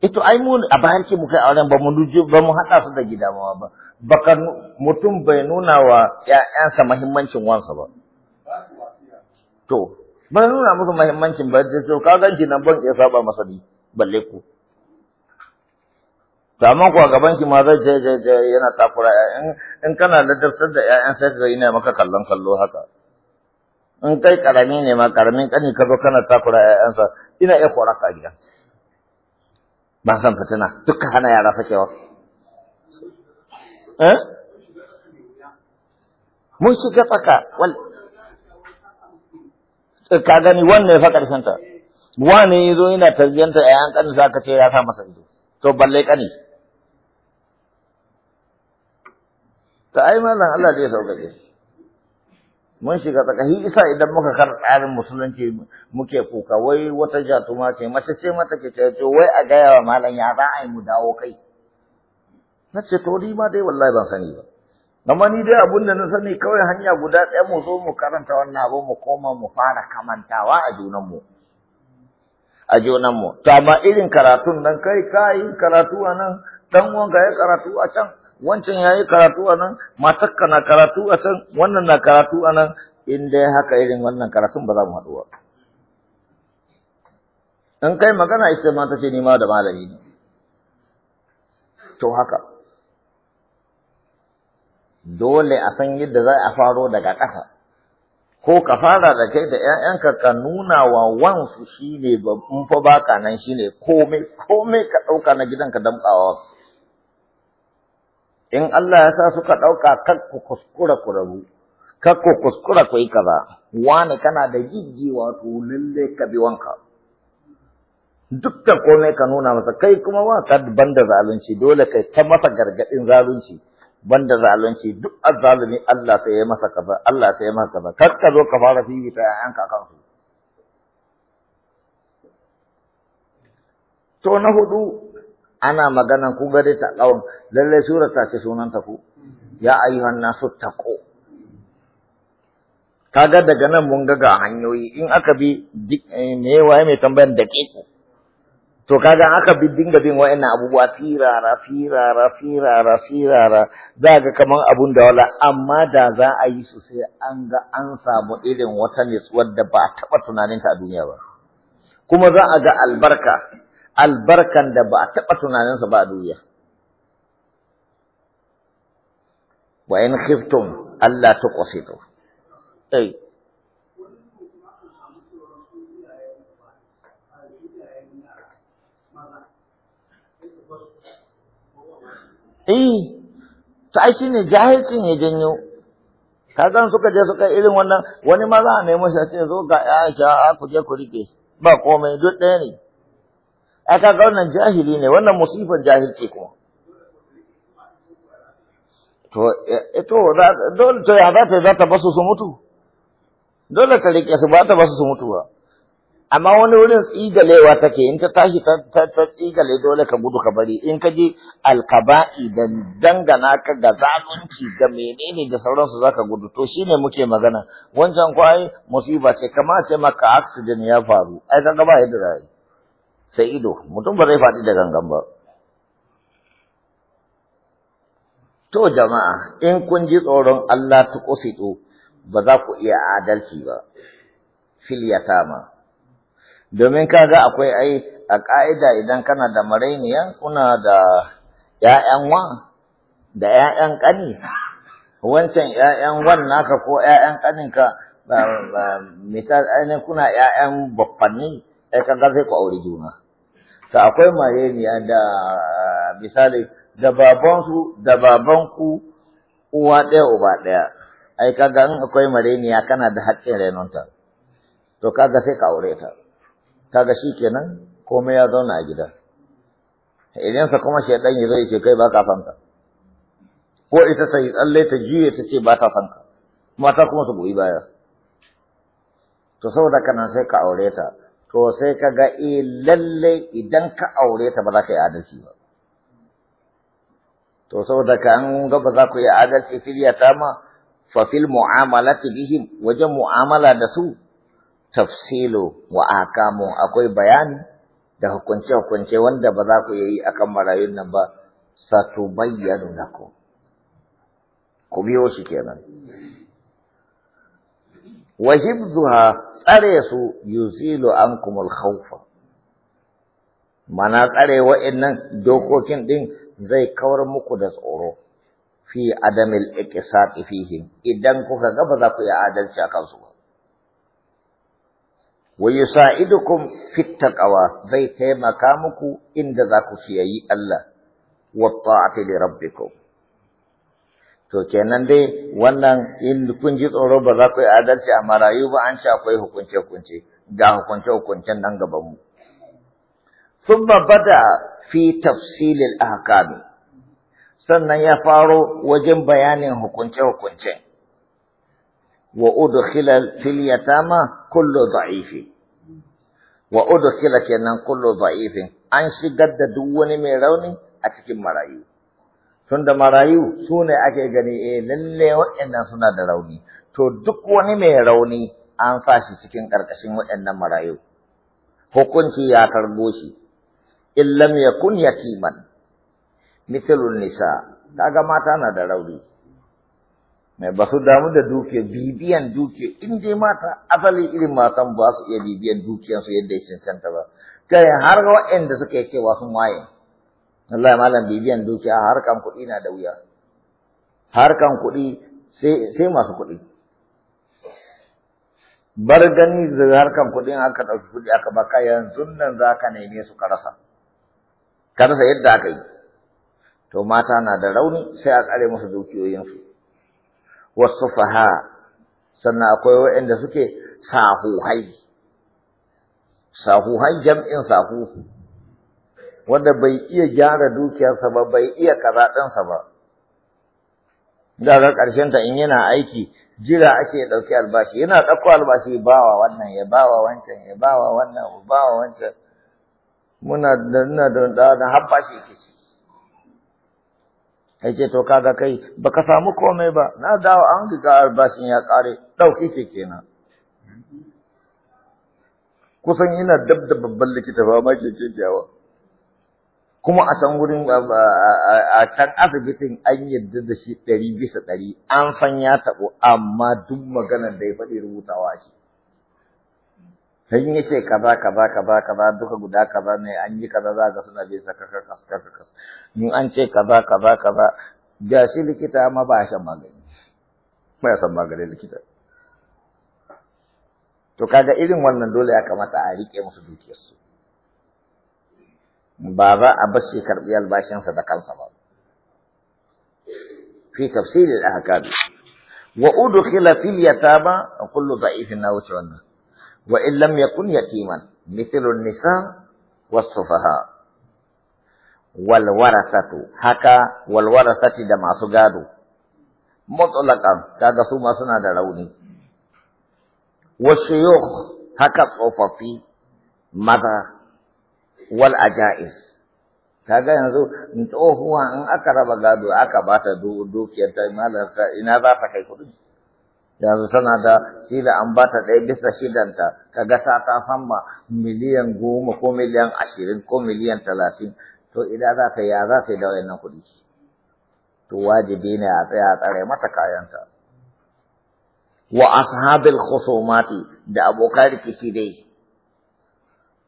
ito ai mu a bayan ce muka auren ba mu ba mu haɗa su da gidamawa ba baka mutum bai nuna wa ‘ya’yansa muhimmancin wansa ba to ba nuna muku muhimmancin ba da to ka ganki nan ban iya saba masa ni balle ku to amma ku a gaban ki ma zai je je je yana takura ƴaƴan in kana ladabtar da ƴaƴan sai ka ina maka kallon kallo haka in kai karami ne ma karamin kani ka zo kana takura ƴaƴansa ina iya kora ka gida ba san fitina duka hana yara sakewa eh mun shiga tsaka wal Eh, ka gani wannan ya fa karshen ta wane ya zo yana tarbiyanta a yan kanin zaka ce ya sa masa ido to balle kani ta ai mallan Allah zai sauƙaƙe mun shiga hi, isa idan muka kar tsarin musulunci muke kuka wai wata jatuma ce mace ce mata ke ce to wai a gaya wa malam ya za a yi mu dawo kai na ce to ni ma dai wallahi ban sani ba amma ni dai abun da na sani kawai hanya guda ɗaya mu zo mu karanta wannan abu mu koma mu fara kamantawa a junanmu a junanmu to amma irin karatun nan kai ka yi karatu a nan dan wanka ya karatu a can wancan ya yi karatu a nan matakka na karatu a can wannan na karatu a nan in dai haka irin wannan karatun ba za mu haɗu ba in kai magana ita ma ta ce ni ma da malami ne to haka dole a san yadda za a faro daga ƙasa ko ka fara da kai da ƴaƴanka ka nuna wa wansu ne babban fa baka nan shi ne komai komai ka ɗauka na gidanka damƙawa in Allah ya sa suka ɗauka kar ku kuskura ku rabu kar ku kuskura ku yi kaza wani kana da jijji wato lalle ka bi wanka dukkan komai ka nuna masa kai kuma wa ka da zalunci dole kai ta masa gargaɗin zalunci banda zalunci duk azzalumi Allah sai ya masa kaza Allah sai ya masa kaza kar ka zo ka fara fifita ka kan su to na hudu ana magana ku dai ta kawan lalle surar ta ce ta ku ya ayyuhan nasu taqu kaga daga nan mun ga ga hanyoyi in aka bi eh, me waye mai tambayan ku? To kaga aka bi dinga bin wa'annan abubuwa firara firara firara firara za ga kaman abun da wala amma da za a yi su sai an ga an samu irin wata nutsuwar da ba a taɓa tunaninta a duniya ba. Kuma za a ga albarka albarkan da ba a taɓa tunaninsa ba a duniya. Wa in khiftum Allah ta kwasito. eh ta ai shine jahilcin ya janyo kagan suka je suka irin wannan wani ma za a nemo shi a ce zo ga Aisha a ku je ku rike ba komai duk ɗaya ne a ga wannan jahili ne wannan musifar jahilci kuma to eh, to dole to ya za ta za ta basu su mutu dole ka rike su ba ta basu su mutu ba amma wani wurin tsigalewa take in ta tashi ta tsigale dole ka gudu ka bari in ka ji alkaba'i da dangana ka ga zalunci da menene da sauransu za ka gudu to shine muke magana wancan kwai musiba ce kama ce maka accident ya faru ai ka ba yadda za sai ido mutum ba zai faɗi da gangan ba to jama'a in kun ji tsoron Allah ta tuqsitu ba za ku iya adalci ba fil yatama domin kaga akwai ai a ƙa'ida idan kana da maraniya kuna da ‘ya'yan wa da ‘ya'yan ƙani wancan ‘ya'yan wan naka ko ‘ya'yan ka misal ai kuna ‘ya'yan babbanni ai kaga sai ku aure juna To akwai maraniya da misali da babansu da babanku uwa ɗaya uba ɗaya ai kaga in akwai maraniya kana da haƙƙin renonta to kaga sai ka aure ta kaga shi kenan komai ya zauna a gida idan sa kuma shaidan ya zo ya ce kai ba ka san ko ita ta yi tsalle ta juye ta ce ba ta san mata kuma su goyi baya to saboda kana sai ka aure ta to sai ka ga eh lalle idan ka aure ta ba za ka yi adalci ba to saboda ka an ga ba za ku yi adalci filiya ta ma fa fil mu'amalati bihim wajen mu'amala da su tafsilu wa akamu akwai bayani da hukunce-hukunce wanda ba za ku yi akan marayun nan ba satubayyanu lakum ku biyo shi kenan wa hibzuha tsare su yuzilu ankumul khawfa mana tsare wa'annan dokokin ɗin zai kawar muku da tsoro fi adamil iqsati fihim idan kuka ga ba za ku yi adalci a kansu ba ويساعدكم في التقوى زي تيما كامكو إن ذاكو سيئي الله والطاعة لربكم to kenan dai wannan in kun ji tsoro ba za ku yi adalci a marayu ba an ce akwai hukunce hukunce ga hukunce hukuncen nan gaban mu thumma bada fi tafsilil ahkami sannan ya faro wajen bayanin hukunce hukuncen wa udkhila fil yatama kullu dha'ifi wa kila kenan kullu dha'ifin an shigar da duk wani mai rauni a cikin marayu tunda marayu sune ake gani eh lalle waɗannan suna da rauni to duk wani mai rauni an sa shi cikin ƙarƙashin waɗannan marayu hukunci ya karbo shi illam ya yakun yatiman mithlun nisa kaga mata na da rauni mai ba su damu da dukiya bibiyan dukiya in dai mata asali irin matan ba su iya bibiyan dukiyansu yadda ya cancanta ba kai har waɗanda suka yi cewa sun waye Allah malam bibiyan dukiya harkan kuɗi na da wuya harkan kuɗi sai masu kuɗi bar gani da harkan kuɗin aka ɗauki kuɗi aka baka yanzu nan za ka neme su ka rasa ka rasa yadda aka yi to mata na da rauni sai a kare musu dukiyoyinsu wasu faha sannan akwai waɗanda suke sahuhai sahuhai jam'in sahu wanda bai iya gyara dukiyarsa ba bai iya kaza ɗinsa ba ga ƙarshen ta in yana aiki jira ake ɗauki albashi yana ɗauko albashi bawa wannan ya bawa wancan ya bawa wannan ya bawa wancan muna da nuna da da har bashi ci ya ce to kaga kai baka samu komai ba na dawo an riga albashin ya kare dauki ke kenan kusan ina dab da babban likita ba ma ke kyakkyawa kuma a san wurin a can asibitin an yarda da shi ɗari bisa ɗari an san ya taɓo amma duk maganar da ya faɗi rubutawa shi sai ya ce kaza kaza kaza kaza duka guda kaza ne an yi kaza za ga suna bisa kaka kaka kaka in an ce kaza kaza kaza ga shi likita ma ba shan magani ba san maganin likita to kaga irin wannan dole ya kamata a rike musu dukiyarsu ba za a bar shi karɓi albashinsa da kansa ba fi tafsirin ahkam wa udkhila fil yataba kullu da'ifin na wuce wannan وإن لم يكن يتيما مثل النساء والصفهاء والورثة هكا والورثة دمع سجادو مطلقا كذا ثم سنة لوني والشيوخ هكا صوففي ماذا والأجائز kaga yanzu in tsohuwa in aka raba gado aka bata dukiyar ta malar ina za ta kai yanzu tana da shi da an ba ta ɗaya bisa shidanta ka ga ta ta samma miliyan goma ko miliyan ashirin ko miliyan talatin to idan za ta ya za ta yi da wayannan kuɗi to wajibi ne a tsaya a tsare mata kayanta wa ashabil khusumati da abokan rikici dai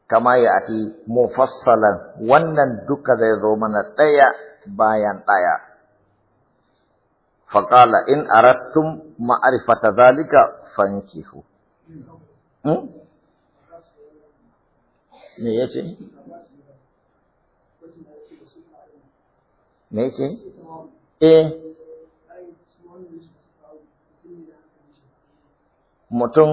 kama ya ati mufassalan wannan duka zai zo mana ɗaya bayan ɗaya فقال in أردتم معرفة ذلك فانكحوا me ya ce? me ya ce? eh mutum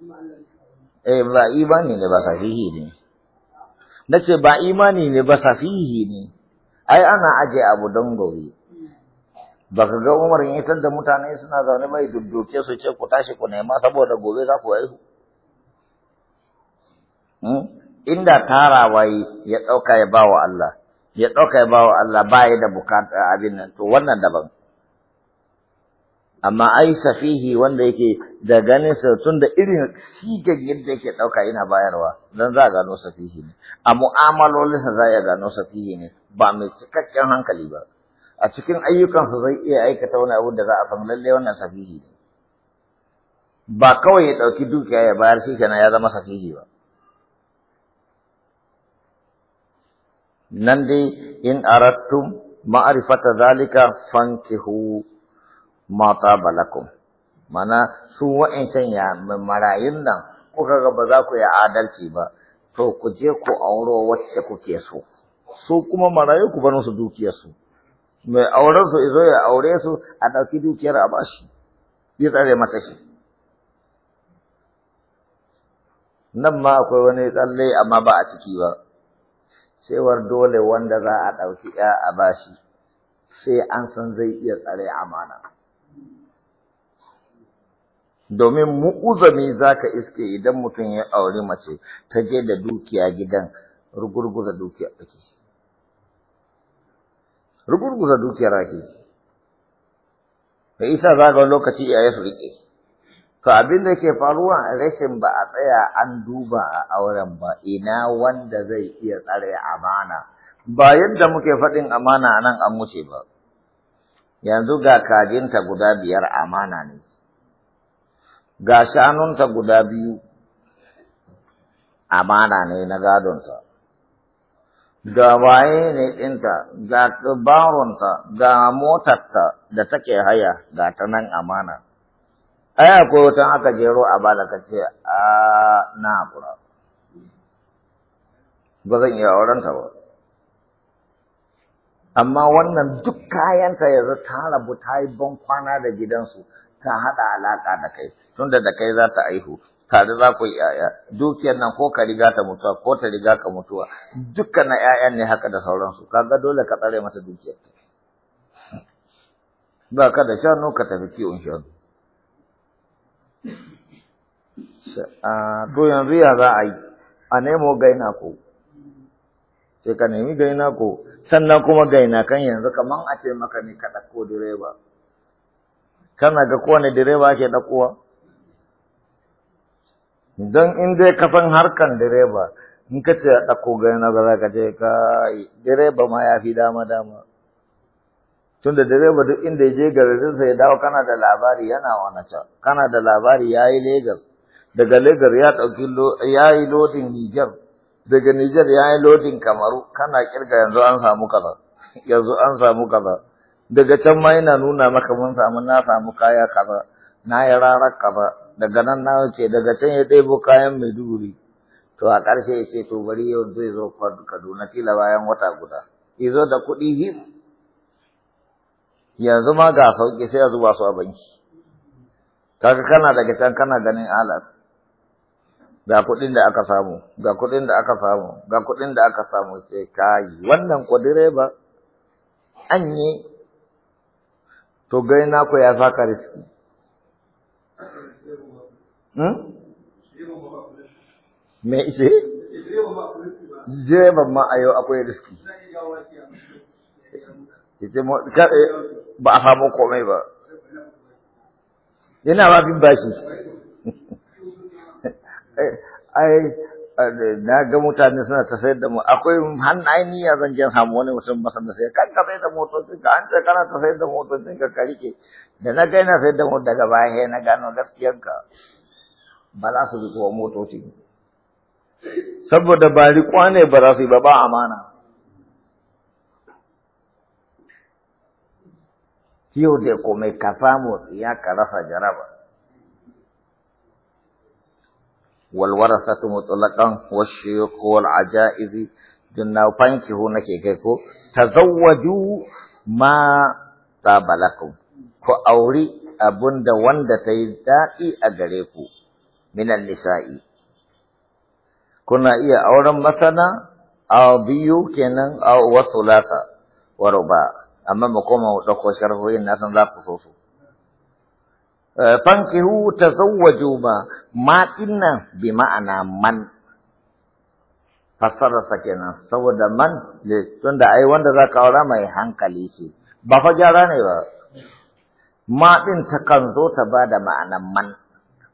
Thank you. eh ba imani ne ba safihi ne nace ba imani ne ba safihi ne ai ana aje abu don gobe baka ga Umar yin da mutane suna zaune mai dudduke su ce ku tashi ku nema saboda gobe za ku haihu hmm? inda tara wai ya dauka ya bawa Allah ya dauka ya bawa Allah baya da bukata abin nan to wannan daban amma ai safihi wanda yake da ganin sa tun da irin sigar yadda yake ɗauka ina bayarwa dan za a gano safihi ne a mu'amalolinsa za a gano safihi ne ba mai cikakken hankali ba a cikin ayyukansa zai iya aikata wani abu da za a san lallai wannan safihi ne ba kawai ya ɗauki dukiya ya bayar shi kenan ya zama safihi ba nan dai in arattum ma'rifata zalika fankihu Mata balakum mana su wa'ancan ya marayun nan kuka ga ba za ku yi adalci ba to ku je ku auro wacce kuke so su kuma marayu ku bar musu dukiyarsu mai auren su izo ya aure su a ɗauki dukiyar a bashi ya tsare masa shi nan ma akwai wani tsalle amma ba a ciki ba cewar dole wanda za a ɗauki ya a bashi sai an san zai iya tsare amana domin mu'uzami zaka iske idan mutum ya auri mace ta je da dukiya gidan rugurguza dukiyar take rugurguza dukiyar ake sai isa lokaci iyaye su rike to abin da ke faruwa rashin ba a tsaya an duba a auren ba ina wanda zai iya tsare amana ba yadda muke faɗin amana a nan an wuce ba yanzu ga kajinta guda biyar amana ne ga shanunta guda biyu amana ne na gadonsa ga waye ne ɗinta ga baronta ga motarsa da take haya ga ta nan amana Aya ko wutan aka jero a bala ka ce a na kura, ba zan iya aurenta ba amma wannan duk kayanta yanzu ta rabu ta yi ban kwana da gidansu ta haɗa alaƙa da kai tunda da kai za ta aihu tare za ku yi ‘ya'ya dukiyar nan ko ka riga ta mutuwa ko ta riga ka mutuwa dukkan na ‘ya'yan ne haka da sauransu kaga dole ka tsare mata dukiyar ta ba ka da shanu ka tafi kiwon shanu to yanzu ya za a yi a nemo gaina ko sai ka nemi gaina ko sannan kuma gaina kan yanzu kaman a ce maka ne ka ɗauko direba kana ga kowane direba ke ɗakuwa don in dai ka san harkan direba in ka ce a ɗauko gani na za ka ce ka direba ma ya fi dama dama tun da direba duk inda ya je garinsa ya dawo kana da labari yana wanaca kana da labari ya yi Legas daga Legas ya ɗauki ya yi lodin Nijar daga Nijar ya yi lodin Kamaru kana kirga yanzu an samu kaza yanzu an samu kaza daga can ma yana nuna maka mun samu na samu kaya kaza na yi rarar kaza daga nan na ce daga can ya ɗebo kayan maiduguri to a ƙarshe ya ce to bari yau zai zo kaduna kila bayan wata guda ya zo da kuɗi him yanzu ma ga sauƙi sai a zuba su a banki kaga kana daga can kana ganin alas ga kuɗin da aka samu ga kuɗin da aka samu ga kuɗin da aka samu sai kayi wannan ko direba an yi to gai naku ya zaka riski hmm? me ishe direban mamma a yau akwai riski eh, ba a samu komai ba yana ba bin bashi eh, ai na ga mutane suna ta sayar da mu akwai hannayen niyya zan jan samu wani mutum masan da sai kan ka sayar da motocin ka an ce kana ta sayar da motocin ka ka rike da na gaina sayar da mu daga baya na gano gaskiyar ka ba za su riko motocin saboda ba riƙwa ne ba za su yi ba ba amana yau da komai ka samu ya ka rasa jaraba والورثة مطلقا والشيوخ والعجائز جنا فانكهوا نكيكو تزوجوا ما طاب لكم كأوري أبند وند تيدائي أغريكو من النساء كنا إيا أورا مثلا أو بيو كنا أو وثلاثة ورباع أما مقوم وتقوى شرحه الناس لا خصوصه Eh, fankihu tazawwaju ba ma dinnan bi ma'ana man fassararsa kenan saboda man tunda ai wanda za ka aura mai hankali shi. ba fa gyara ne ba ma din ta kan zo ta bada ma'ana ma'anan man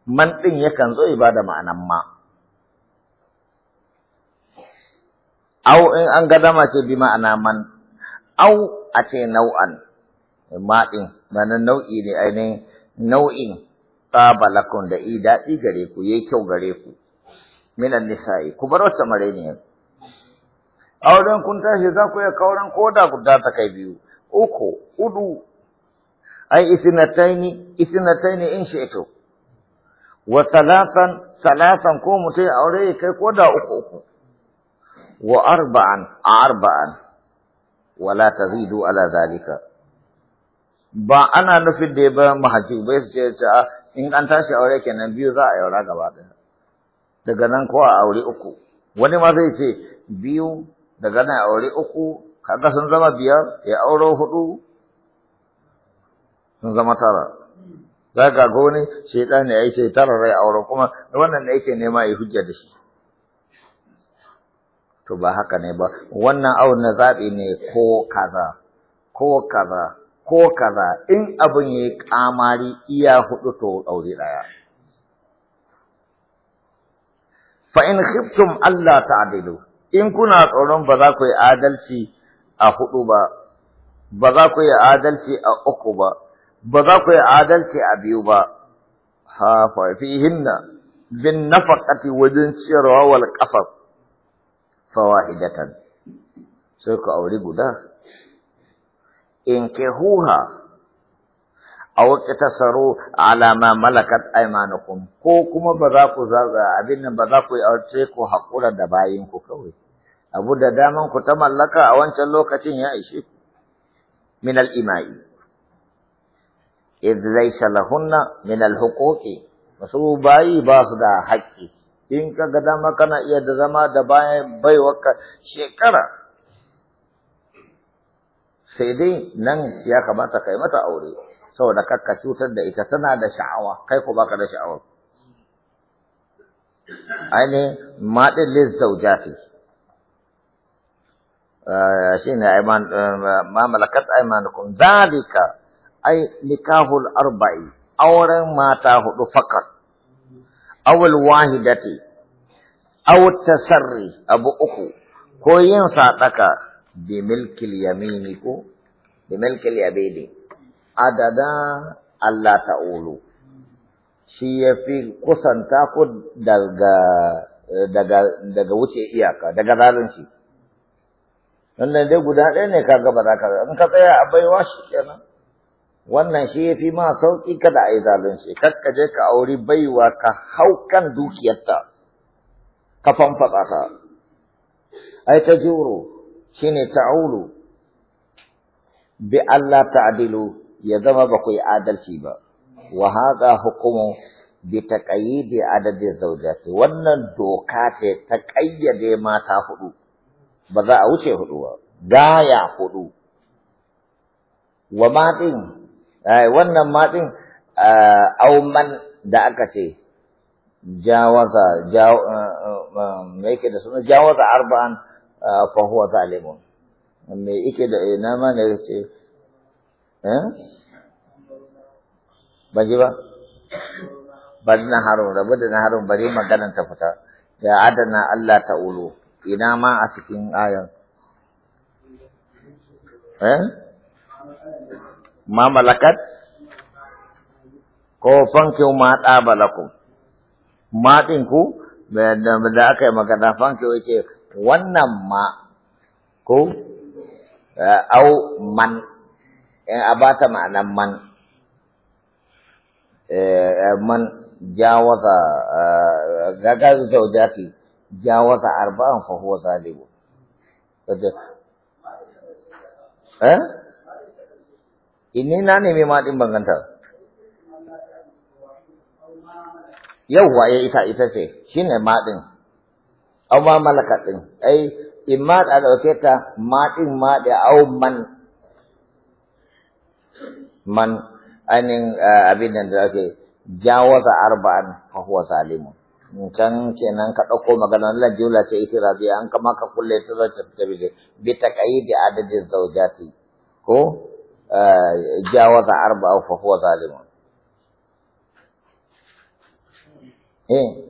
man din yakan zo ya ma'ana ma'anan ma au in an ga dama ce bi ma'ana man au a ce nau'an ma din nan nau'i ne ainihin nau'in tsabalakon da i daɗi gare ku yi kyau gare ku minan nisa'i ku bar wata mare ne auren kun tashi za ku iya kauran koda guda ta kai biyu uku hudu ai isinataini isinataini in sheto. wa salatan salatan ko mutai aure kai koda uku uku wa arba'an a arba'an wala ta zidu ala zalika ba ana nufin da ya bar mahaji bai su ce ta ah, in an tashi aure kenan biyu za a yaura gaba ɗaya daga nan ko a aure uku wani ma zai ce biyu daga nan aure uku kaga sun zama biyar ya auro hudu sun zama tara za ka ga wani shaidan ne ya yi shaitarar rai auro, kuma wannan da yake nema ya hujja da shi to ba haka ne ba wannan awon na zaɓi ne ko kaza ko kaza ko kaza in abin ya kamari iya hudu to daure daya fa in khiftum alla ta'dilu in kuna tsoron ba za ku yi adalci a hudu ba, ba za ku yi adalci a uku ba, ba za ku yi adalci a biyu ba, ha fa fihinna bin nafaqati wajin ciyarwa wal ƙasar fawa'idatan, sai ku aure guda. in kihuha aw tasaru ala ma malakat aymanukum ko kuma ba za ku abin nan ba za ku yi aure ku hakura da bayin ku kawai abu da daman ku ta mallaka a wancan lokacin ya ishe ku min al-ima'i idh laysa lahunna min al-huquqi masu bayi ba su da haƙƙi in ka ga dama kana iya da zama da bayan baiwarka shekara sai dai nan ya kamata kai mata aure saboda kakka cutar da ita tana da sha'awa kai ko baka da sha'awa aine Zaujati. lizzaujati ah, shi ne ma malakat Ku. zalika ai nikahul arba'i auren mata hudu fakat Awal wahidati aw tasarri abu uku ko yin sadaka bimilkil yamini ko bimilkil yamini adada Allah ta'ulu shi ya fi kusanta ku daga wuce iyaka daga zalunci wannan dai guda ɗaya ne ka ba za ka in ka tsaya a baiwa shi kenan wannan shi ya fi ma sauƙi kada a yi zalunci kakka je ka auri baiwa ka hau kan dukiyarta ka fanfaɗa ka ai ta juro shine ta'ulu bi Allah ta'dilu ya zama ba ku yi adalci ba wa hadha hukumu bi taqayyidi adadi zawjati wannan doka ce ta kayyade mata hudu ba za a wuce hudu ba gaya hudu wa matin eh, wannan matin eh, auman da aka ce jawaza eh, yake da sunan jawaza arba'an Ah, fa huwa zalimun me yake da ina eh, ma ne ce eh ba ji ba bar na harun rabu da na harun bari maganar ta fita Ya adana Allah ta'ulu ina ma a cikin ayan eh ma malakat ko fankin ma ɗaba lakum ma ɗinku da aka yi magana fankin yake wannan ma ko eh, au man in eh, a ta ma'anan man eh, man jawaza gagar zaujati jawaza arba'an fa huwa zalimu eh inni na nemi ma din banganta yauwa ya ita ita ce shine ma din au ma malakat din ai ma a dauke ta ma din ma da au man man anin abin nan da ake jawaza arba'an fa salimu zalimun can kenan ka ɗauko magana Allah jula ce itirazi an kama ka kulle ta zata fita bije bi taqayidi adadin zawjati ko jawaza arba'a fa huwa zalimun eh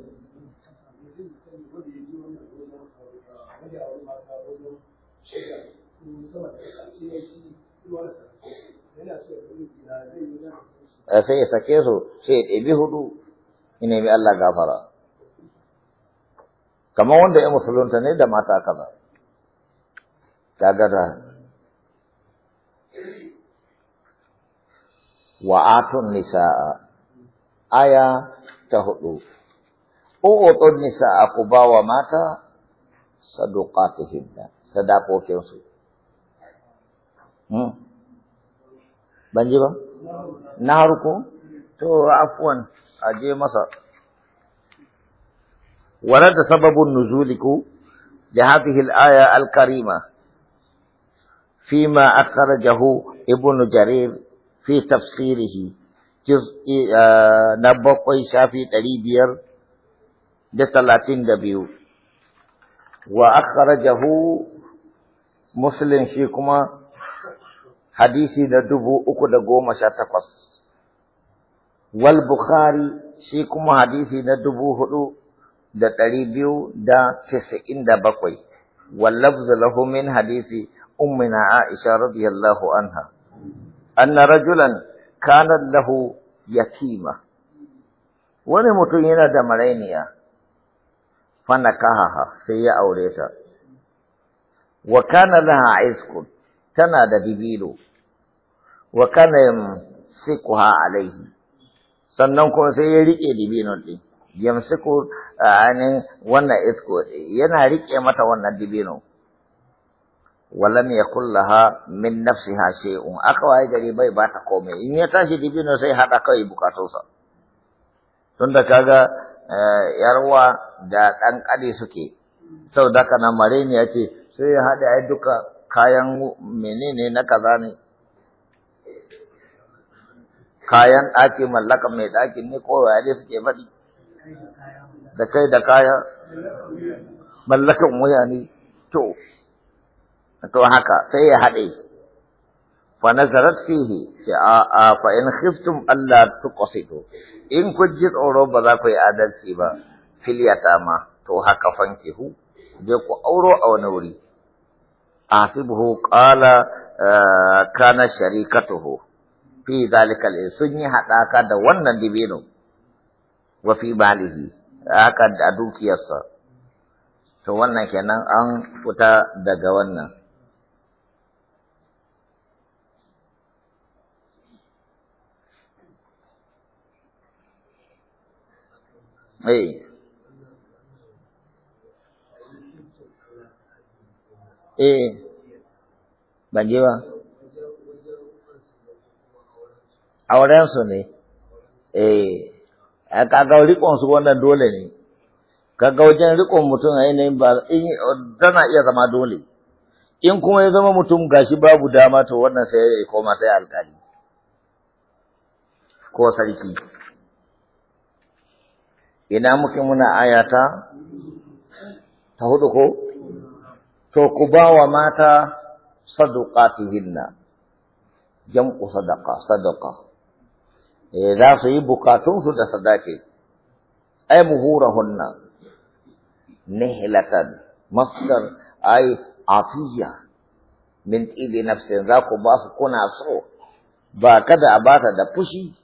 a eh, sai ya sake su sai ya ɗabi hudu ya nemi Allah gafara kamar wanda ya musulunta ne da mata kaza ta gada atun nisa'a aya ta hudu o'otun nisa'a ku ba wa mata sadaqatuhunna da daƙoƙinsu. Ban ji ورد سبب النزول لهذه الآية الكريمة فيما أخرجه ابن جرير في تفسيره جزء نبقي شافي تريبير دسلاتين دبيو وأخرجه muslim shi kuma hadisi na dubu uku da goma sha takwas wal bukhari shi kuma hadisi na dubu hudu da ɗari biyu da tisa'in da bakwai wallabzu min hadisi ummina aisha radiyallahu anha anna rajulan kana lahu yatima wani mutum yana da marainiya fanakahaha sai ya aure ta wa kana laha iskun tana da dibilo wa kana ha alaihi sannan kuma sai ya rike dibino din yamsiku ani wannan isko yana rike mata wannan dibino walam yakul laha min nafsiha shay'un aka waye gari bai ba ta komai in ya tashi dibino sai hada kai bukatunsa tunda kaga yarwa eh, da dan kade suke saboda kana mare ne ce. sai ya haɗe, ai duka kayan menene na kaza ne kayan ɗaki mallakan mai ɗakin ne ko yare suke faɗi da kai da kaya mallakan waya ne to to haka sai ya haɗe fa nazarat fihi ce a fa in khiftum alla tuqsitu in kun ji tsoro ba za ku yi adalci ba fil yatama to haka fankihu je ku auro a wani wuri asibuhu qala ah, kana sharikatuhu fi zalika sun yi haɗaka da wannan dibino wa fi malihi haka da dukiyarsa to wannan kenan an fita daga wannan eh. eh ban je ba auren su ne eh a kaga rikon su wannan dole ne kaga wajen rikon mutum a yanayin ba in tana iya zama dole in kuma ya zama mutum gashi babu dama to wannan sai ya koma sai alkali ko sarki ina muke muna ayata ta hudu ko to ku ba wa mata sadaqatihinna jam'u sadaqa sadaqa eh za su yi bukatun su da sadaqi ay muhurahunna nihlatan masdar ay afiya min tili nafsin za ku ba su kuna so ba kada a bata da fushi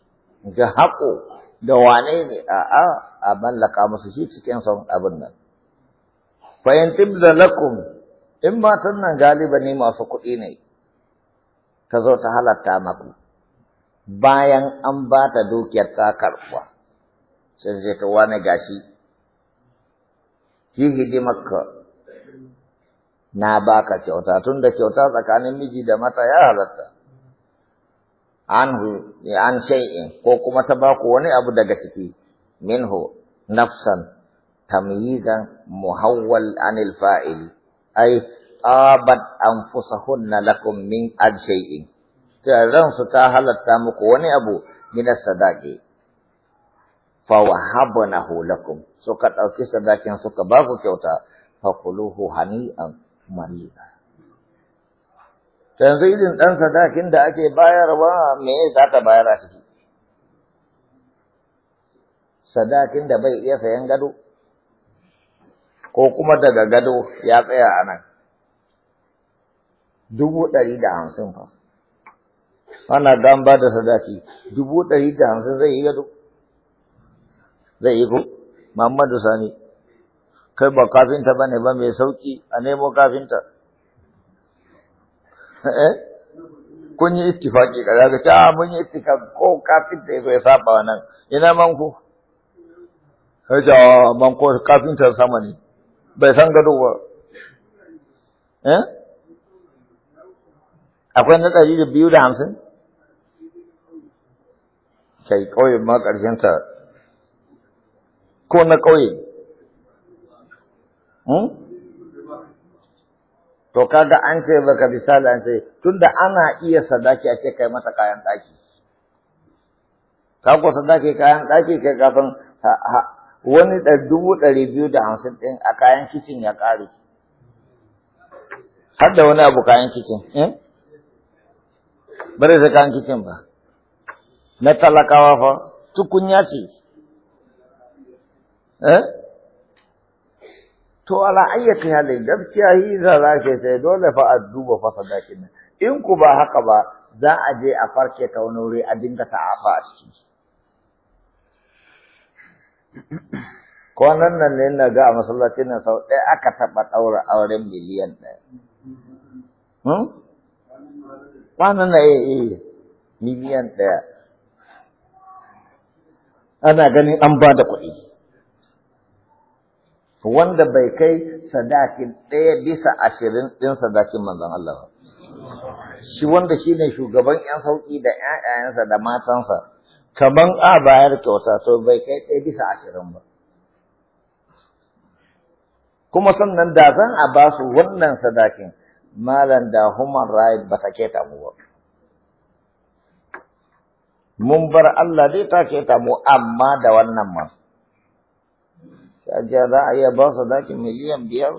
ga haƙo da wane ne a'a a mallaka musu shi cikin son abin nan fa lakum in matan nan galiba ne masu kuɗi ne ta zo ta halatta maku bayan an ba ta dukiyar ta karɓa. sai sai ta wane gashi ki hidimarka na baka kyauta tun da kyauta tsakanin miji da mata ya halatta anhu an shay'in ko kuma ta baku wani abu daga ciki minhu nafsan tamyizan muhawwal anil fa'ili ai abad na lakum min ajshay'in sa ta na muku wani abu min sadaqi fa So lakum suka dauki sadakin suka ba ku kyauta fa hani hani'an mariba yanzu dan sadakin da ake bayarwa me may bayar a ciki sadakin da bai iya sayang gado ko kuma daga gado ya tsaya a nan dubu ɗari da hamsin fa ana gamba ba da sadaki dubu ɗari da hamsin zai yi gado zai yi ku? Muhammadu Sani kai ba kafinta bane ba mai sauki a nemo kafinta eh? kun yi ittifaki kaza ga ta ah, mun yi ittifaki ko kafinta ya saba nan, ina man ku haja ah, man ko kafinta sama ne bai san gado ba eh akwai na ɗari da biyu da hamsin kai ƙauye ma ta ko na ƙauye hmm? to kaga an ce baka misali an ce tunda ana iya sadaki a ce kai mata kayan ɗaki ka ko sadaki kayan ɗaki kai kafin wani dubu ɗari biyu da hamsin ɗin a kayan kicin ya ƙare har da wani abu kayan kicin eh bare da kayan kicin ba na talakawa fa tukunya ce eh? to ala ayyati halin gaskiya hiza za ke sai dole fa a duba fa sadakin in ku ba haka ba za a je a farke ka wani wuri a dinga ta'afa a ciki Kwanan nan ne na ga a masallacin nan sau ɗaya aka taɓa ɗaura auren miliyan ɗaya. Hmm? Kwanan na iya eh, eh, eh, miliyan ɗaya. Ana ganin an ba da kuɗi. Wanda bai kai sadakin ɗaya bisa ashirin ɗin sadakin manzan Allah ba. Shi wanda shi ne shugaban ‘yan sauƙi da ‘ya'yansa da matansa. kaman a bayar kyauta to bai kai ɗaya bisa ashirin ba kuma sannan da zan a ba su wannan sadakin malam da human right ba ta keta mu ba mun bar Allah zai ta keta mu amma da wannan ma kaga za a iya ba su sadakin miliyan biyar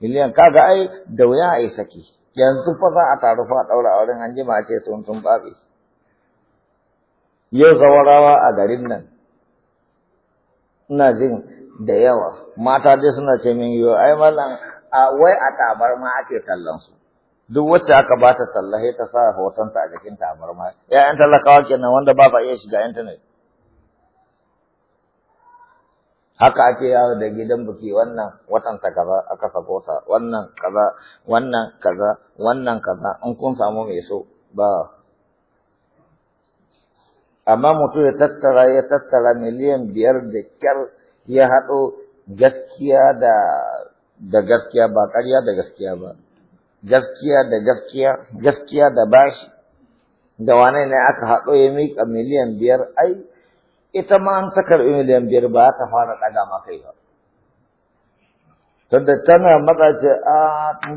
miliyan kaga ai da wuya a yi saki yanzu fa za a taru fa a ɗaura a wurin an jima ce sun sun babe yau rawa a garin nan ina jin da yawa mata dai suna ce min yiwu ai mallan a wai a tabarma ake kallon su duk wacce aka ba ta tallahe ta sa ta a jikin tabarma ƴaƴan talakawa kenan wanda ba ba iya shiga intanet haka ake yawo da gidan buki wannan watan ta kaza aka sako ta, wannan kaza wannan kaza wannan kaza in kun samu mai so ba amma mutum ya tattara ya tattara miliyan biyar da kyar ya haɗo gaskiya da da gaskiya ba ƙarya da gaskiya ba gaskiya da gaskiya gaskiya da bashi da wane ne aka haɗo ya miƙa miliyan biyar ai ita ma an ta karɓi miliyan biyar ba ta fara ɗaga maka ba tunda tana matsa ce a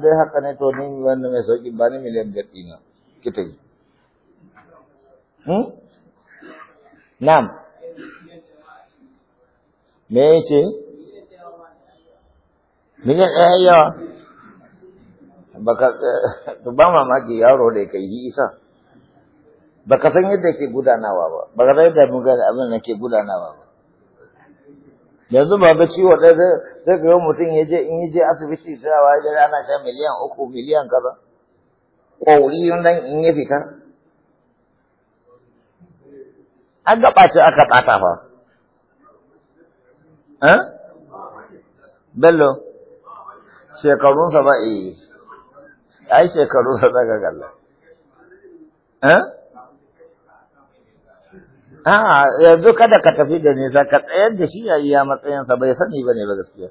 dai haka ne to ni wanda mai sauƙi ba ni miliyan biyar ɗina kita yi hmm? Na'am. Me yake? me ɗaya yawa. Baka eh, to ba mamaki yaro da kai yi isa. Baka san yadda ke gudanawa ba. Baka san yadda mun ga abin da ke gudanawa ba. Yanzu ba ba ciwo ɗaya sai ga mutum ya je in ya je asibiti sai a wajen ana sha miliyan uku miliyan kaza. Ƙwauri nan in ya fita. an ga ɓace aka ɓata fa eh bello sa ba eh ai sa daga galla eh A'a ah, yanzu kada ka tafi da nisa ka tsayar da shi a iya matsayinsa bai sani ba ne ba gaskiya.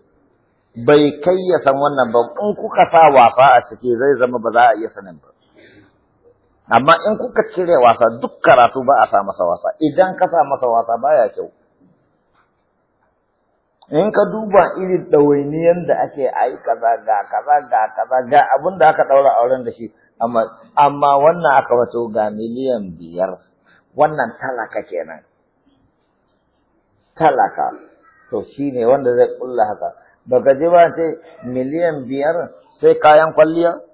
Bai kai ya wannan ba in kuka sa wasa a ciki zai zama ba za a iya sanin ba. amma in kuka cire wasa duk karatu ba a sa masa wasa idan ka sa masa wasa baya kyau in ka duba irin ɗawainiyar da ake ayi, kaza ga kaza ga kaza ga abin da aka ɗaura auren da shi amma amma wannan aka wato ga miliyan biyar wannan talaka kenan talaka to shi ne wanda zai ƙulla haka baka ji ba ce miliyan biyar sai kayan kwalliya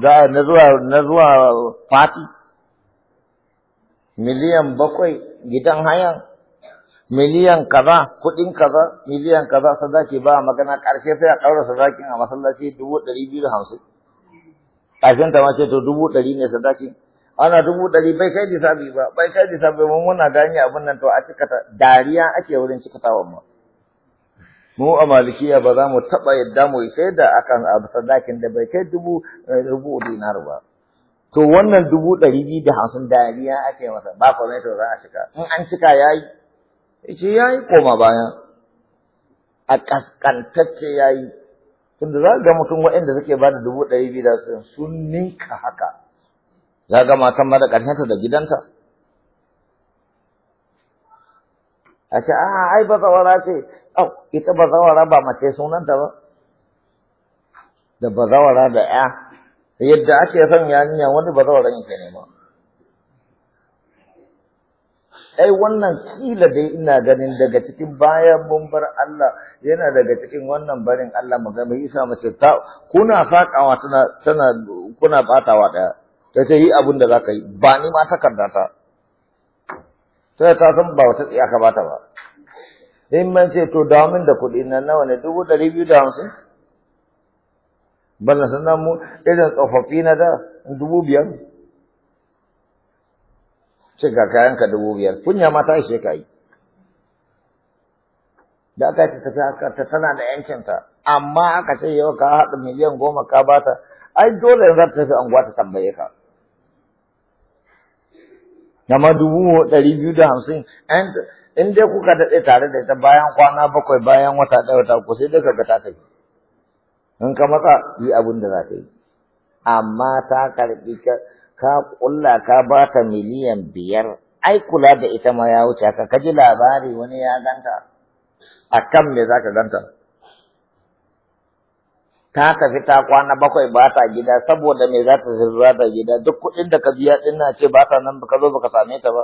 za na zuwa na zuwa fati miliyan bakwai gidan hayan miliyan kaza kudin kaza miliyan kaza sadaki ba magana ƙarshe sai a ƙaura sadakin a masallaci dubu ɗari biyu da hamsin ƙarshen ta ma ce to dubu ɗari ne sadaki? ana dubu ɗari bai kai lissafi ba bai kai lissafi ba muna gani abin nan to a cikata dariya ake wurin cikatawa mu mu a malikiya ba za mu taɓa yadda mu yi a akan abu sadakin da bai kai dubu rubu eh, dinar ba to wannan dubu ɗari biyu da hamsin dariya ake masa ba komai to za a cika in an cika ya yi ce ya yi koma baya a ƙasƙantacce ya yi tunda za ga mutum waɗanda suke ba da dubu ɗari biyu da sun ninka haka za ga matan ma da ƙarshenta da gidanta a ce a ah, ai ba zawara ce au ita ba zawara ba mace sunanta ba da ba zawara da ya yadda ake son yarinya wani ba zawaran yake nema ai wannan kila dai ina ganin daga cikin bayan mun bar Allah yana daga cikin wannan barin Allah magana isa mace ta kuna fakawa tana tana kuna batawa daya ta ce yi abin da ka yi ba ni ma takarda ta sai ta san ba wata tsiya ka bata ba in man ce to da min da kuɗi na nawa ne dubu ɗari biyu da hamsin ban san mu irin tsofaffi na da dubu biyar ce ga kayanka dubu biyar kunya ma ta ishe ka yi da aka ce tafi aka ta tana da yancinta amma aka ce yau ka haɗa miliyan goma ka bata ai dole za ta tafi anguwa ta tambaye ka Gama dubu ɗari biyu da hamsin in dai kuka daɗe tare da ita bayan kwana bakwai bayan wata ɗaya wata uku sai dai ka ga ta tafi. In ka matsa yi abin da za ka yi. Amma ta karɓi ka ƙulla ka ba ta miliyan biyar ai kula da ita ma ya wuce haka ka ji labari wani ya ganta a kan me za ka ganta. ta tafi ta kwana bakwai ba ta gida saboda me za ta ba da gida duk kuɗin da ka biya ɗin na ce ba ta nan ka zo baka same ta ba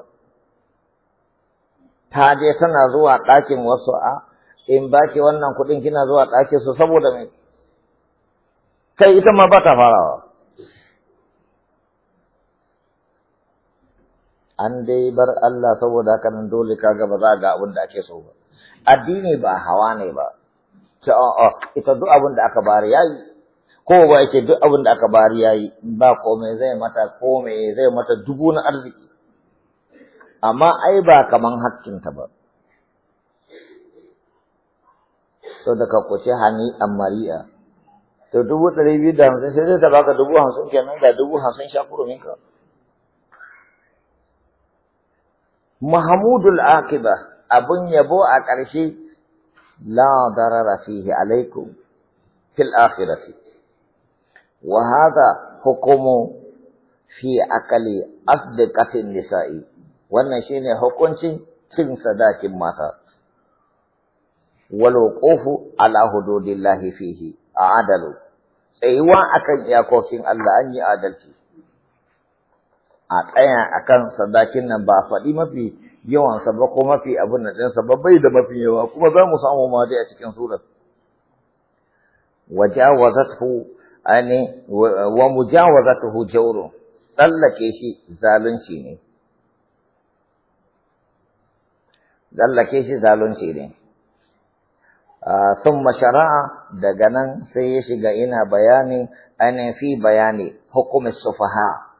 ta je tana zuwa ɗakin wasu a in baki wannan kuɗin kina zuwa ɗakin su saboda me kai ita ma ba ta farawa an dai bar Allah saboda haka dole kaga ba za ga abin da ake so ba addini ba hawa ne ba ce a'a ita duk abin da aka bari yayi ko ba yake duk abin da aka bari yayi ba komai zai mata komai zai mata dubu na arziki amma ai ba kaman hakkinta ba to daga kuce hani mari'a to dubu ɗari biyu da hamsin sai zai ta baka dubu hamsin kenan ga dubu hamsin sha kuruminka Mahamudul Akiba abun yabo a ƙarshe لا ضرر فيه عليكم في الآخرة وهذا حكم في أكل wannan النساء والنشين hukuncin cin sadakin mata walwuqufu ala hududillahi fihi adalu tsayuwa akan iyakokin Allah an yi adalci a tsaya akan sadakin nan ba faɗi mafi yawan ba ko mafi abin nan ɗinsa ba bai da mafi yawa kuma za mu samu ma dai a cikin surar wajawazathu ani wa mujawazatuhu jawru tsallake shi zalunci ne tsallake shi zalunci ne Sun mashara'a daga nan sai ya shiga ina bayani ainihin fi bayani hukumin sufaha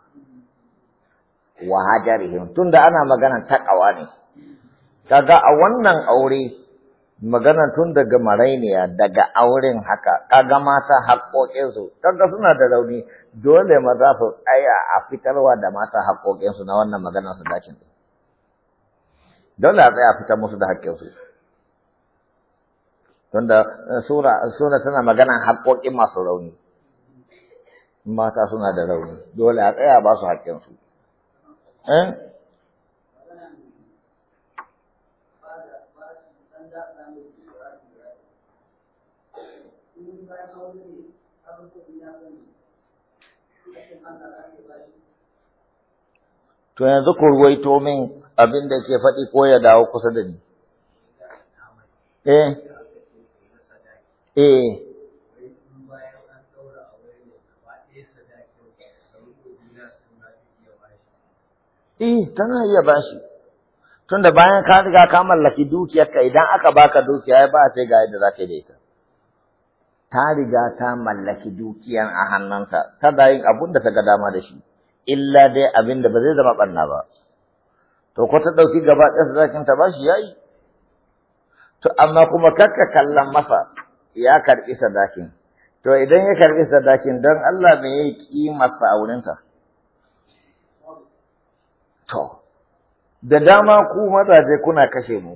wa hajarihim tunda ana magana takawa ne kaga a wannan aure magana tun daga marainiya daga auren haka kaga mata su kaga suna da rauni dole maza su tsaya a fitarwa da mata su na wannan magana su dakin dole a tsaya a fitar musu da haƙƙinsu tunda eh, sura sura tana magana haƙoƙin masu rauni mata suna da rauni dole a tsaya ba su haƙƙinsu Eh? To yanzu ku ruwaito min abin da ke faɗi ko ya dawo kusa da ni. Eh, eh. eh tana iya bashi tunda bayan ka riga ka mallaki dukiyarka idan aka baka dukiya ba a ce ga yadda yi da ita ta riga ta mallaki dukiyar a hannunta da yin abun da ta ga dama da shi illa dai abin da ba zai zama ɓanna ba to ko ta ɗauki gaba ɗaya sadakin ta ba ya yayi to amma kuma karka kallon masa ya karɓi sadakin to idan ya karɓi sadakin don Allah me yi kimarsa a wurinta To, da dama ku mazaje kuna kashe mu,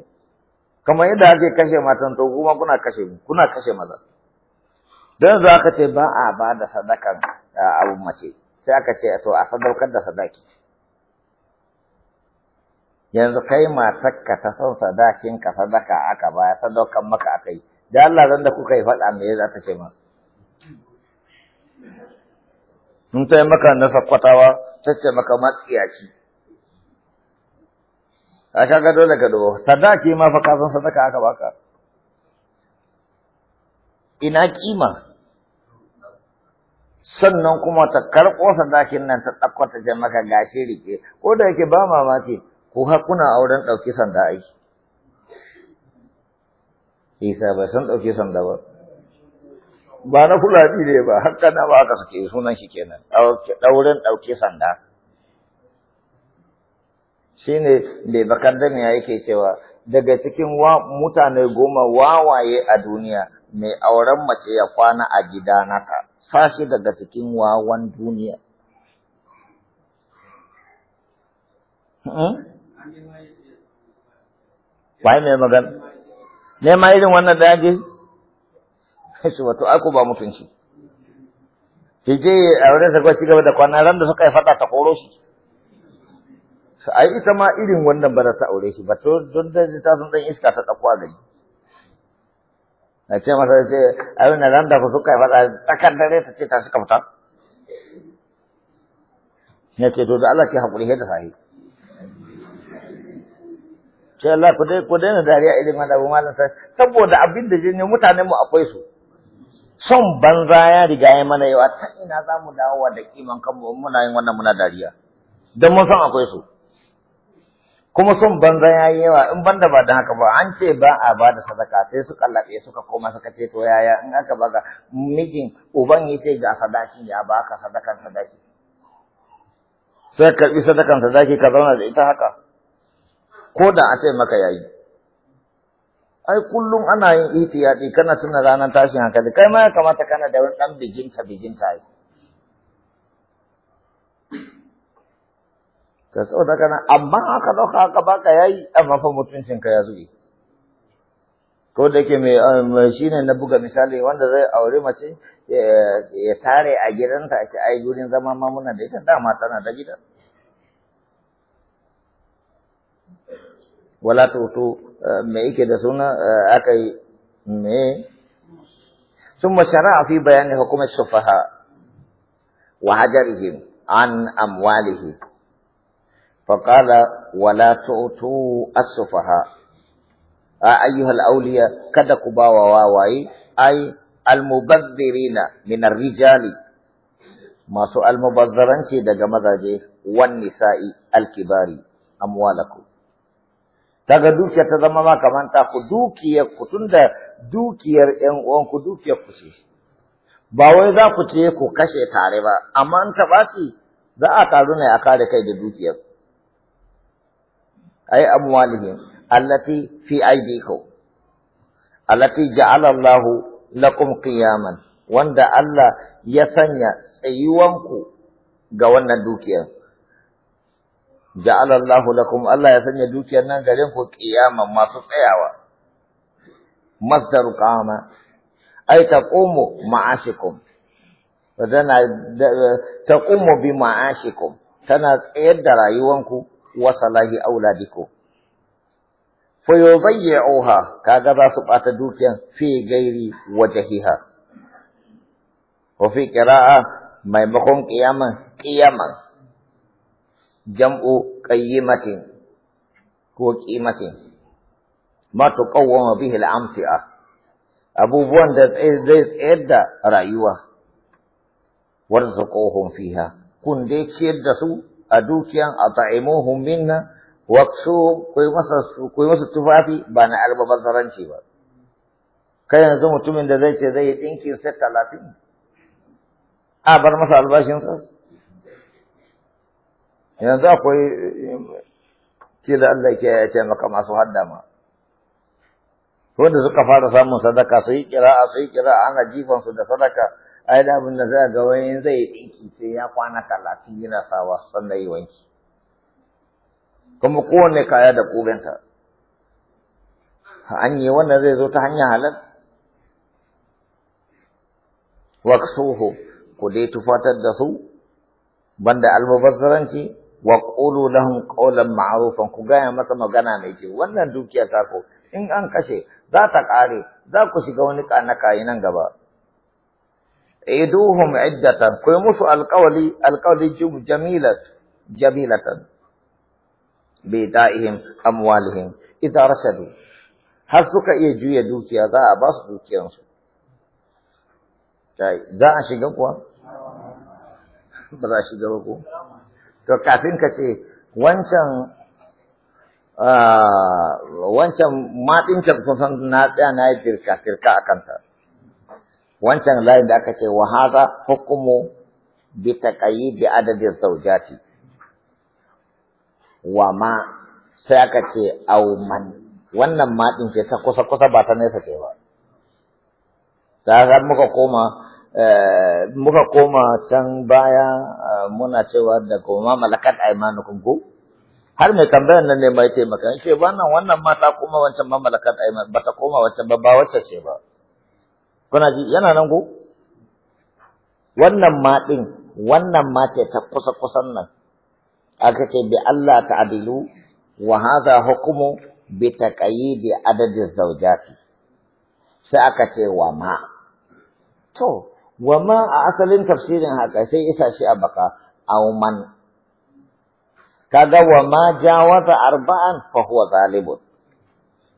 kamar yadda ake kashe matan to kuma kuna kashe mu, kuna kashe maza. Don za ka ce ba a ba da sadakan abin mace, sai aka ce to a sadaukar da sadaki. Yanzu kai matarka ta son ka sadaka aka baya sadaukar maka aka yi, da Allah zan da kuka yi faɗa me za ta ce ma. Mun ta yi maka na sakkwatawa, ta ce maka matsiyaci. a kaga dole ka dubo sadaki ma fa kasan sadaka aka baka ina kima sannan kuma ta karko sadakin nan ta tsakwata ta maka gashi rike ko da yake ba mamaki ko kuna auren ɗauki sanda ai isa ba san ɗauki sanda ba ba na fulani ne ba hakka na ba aka sake sunan shi kenan dauren ɗauki sanda shine bai da bakardami yake cewa daga cikin mutane goma wawaye a duniya mai auren mace ya kwana a gida naka sashi daga cikin wawan duniya Bai hmm? mai magana? Nema irin wannan da yake? Shi wato aku ba mutunci. Ki je aure sa gaba da kwana ran da suka yi fada ta koro shi. su ai ita ma irin wannan ba ta aure shi ba to don da ta san dan iska ta dauko da ni na ce masa ce ai wannan ran da suka yi fada tsakar dare ta ce ta suka fita na ce to da Allah ke hakuri da sahi ce Allah ku dai ku daina dariya irin wannan abu malam sai saboda abin da jinne mutanen mu akwai su son banza ya riga ya mana yawa ta ina za mu dawo da kiman kanmu muna yin wannan muna dariya don mun san akwai su kuma son banza ya yi yawa in banda ba don haka ba an ce ba a ba da sadaka sai suka laɓe suka koma suka ce to yaya in aka ga mijin uban ya ce ga sadakin ya baka sadakan sadaki sai karɓi sadakan sadaki ka zauna da ita haka ko da a ce maka yayi ai kullum ana yin ihtiyadi kana tuna ranar tashin hankali kai ma ya kamata kana da wani dan bijinta bijinta yi da saboda kana amma aka ɗauka aka baka yayi amma fa mutuncin ka ya zube ko da yake mai eh, ne na buga misali wanda zai aure mace ya tare a gidanta ake ai gurin zama ma muna da ita dama tana da gida wala toto eh, me yake da suna eh, aka yi me ثم شرع في بيان حكم السفهاء وهجرهم an أموالهم فقال ولا تؤتوا السفهاء أيها الأولياء كذا كبا وواواي أي المبذرين من الرجال ما سوء المبذرين شيدا مزاجي والنساء الكبار أموالكم daga dukiya ta zama ma kamanta ku dukiyar ku tunda dukiyar 'yan uwan ku dukiyar ku ce ba wai za ku ce ku kashe tare ba amma an ta baci za a taru ne a kare kai da dukiyar ay amwalihim allati fi aydikum allati ja'ala Allahu lakum qiyaman wanda Allah ya sanya tsayuwanku ga wannan dukiyar ja'ala Allahu lakum Allah ya sanya dukiyar nan garin ku qiyaman masu tsayawa masdar qama ay taqumu ma'ashikum tana bi tana tsayar da rayuwanku wasalahi salahi auladikum fa yudayyi'uha kaga za su bata dukiyan fi gairi wajhiha wa fi qira'a maimakon qiyaman qiyaman jam'u qayyimatin ko qimatin ma tuqawwama bihi al-amti'a abubuwan da zai tsayar da rayuwa warzuquhum fiha kun dai ciyar da su a dukiyan a ta'imuhum minna waksuhum ku masa tufafi ba na bazaranci ba kai yanzu mutumin da zai ce zai yi ɗinkin sai talatin a bar masa albashinsa yanzu akwai ke da Allah ke ya ce maka masu haddama wanda suka fara samun sadaka su yi kira'a su yi kira'a ana jifansu da sadaka ai da abin da za ga wani zai ɗinki sai ya kwana talatin yana sawa sannan yi wanki kuma kowane kaya da ƙurinta an yi wannan zai zo ta hanyar halal waksuhu ku dai tufatar da su banda albabazzaranci wa qulu lahum qawlan ma'rufan ku gaya masa magana mai kyau wannan dukiya ta ko in an kashe za ta ƙare. za ku shiga wani kanaka nan gaba iduhum iddatan ku musu alqawli alqawli jamilat jamilatan bi da'ihim amwalihim idza rasadu har suka iya juya dukiya za a ba su dukiyansu za a shiga kuwa ba za a shiga ba ko to kafin ka ce wancan ah, wancan ka kusan na tsaya na yi firka firka a kanta wancan layin da aka ce wa haza hukumu bi taqayyid adadin zawjati wa ma sai aka ce aw man wannan ma din ce ta kusa kusa ba ta nesa ce ba ta muka koma eh, muka koma can baya eh, muna cewa da kuma malakat aymanukum ku har mai tambayar nan ne mai taimaka ce wannan wannan mata kuma wancan ma malakat ba ta koma wancan ba ba wacce ce ba kuna ji yana nan ko wannan ma din wannan ma ce ta kusa kusan nan aka ce bi Allah ta'dilu wa hadha hukmu bi taqayidi adadi zawjati sai aka ce wa ma to wa ma a asalin tafsirin haka sai isa shi a baka aw man kaga wa ma jawaza arba'an fa huwa zalibun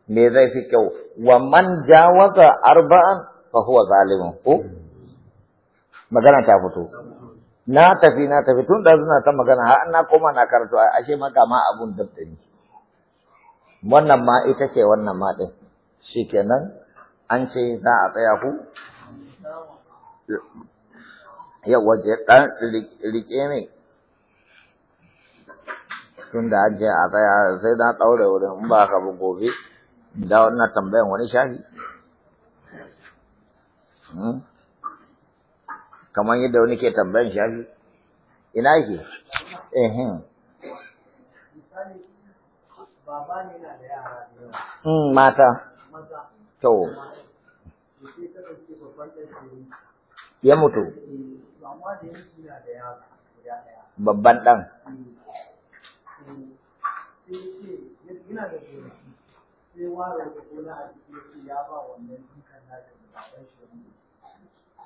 me zai fi kyau wa man jawaza arba'an fa huwa zalimun ko magana ta fito na tafi na tafi tun da suna ta magana har na koma na karatu ashe maka ma abun dabtani wannan ma ita ce wannan ma din shikenan an ce za a tsaya ku Ya waje dan rike ne tun da an je a tsaya sai na daure wurin in ba ka gobe da wannan tambayan wani shafi Hmm? kamar yadda wani ke tambayan shafi ina yake ehem hmm, mata to ya mutu babban ɗan sai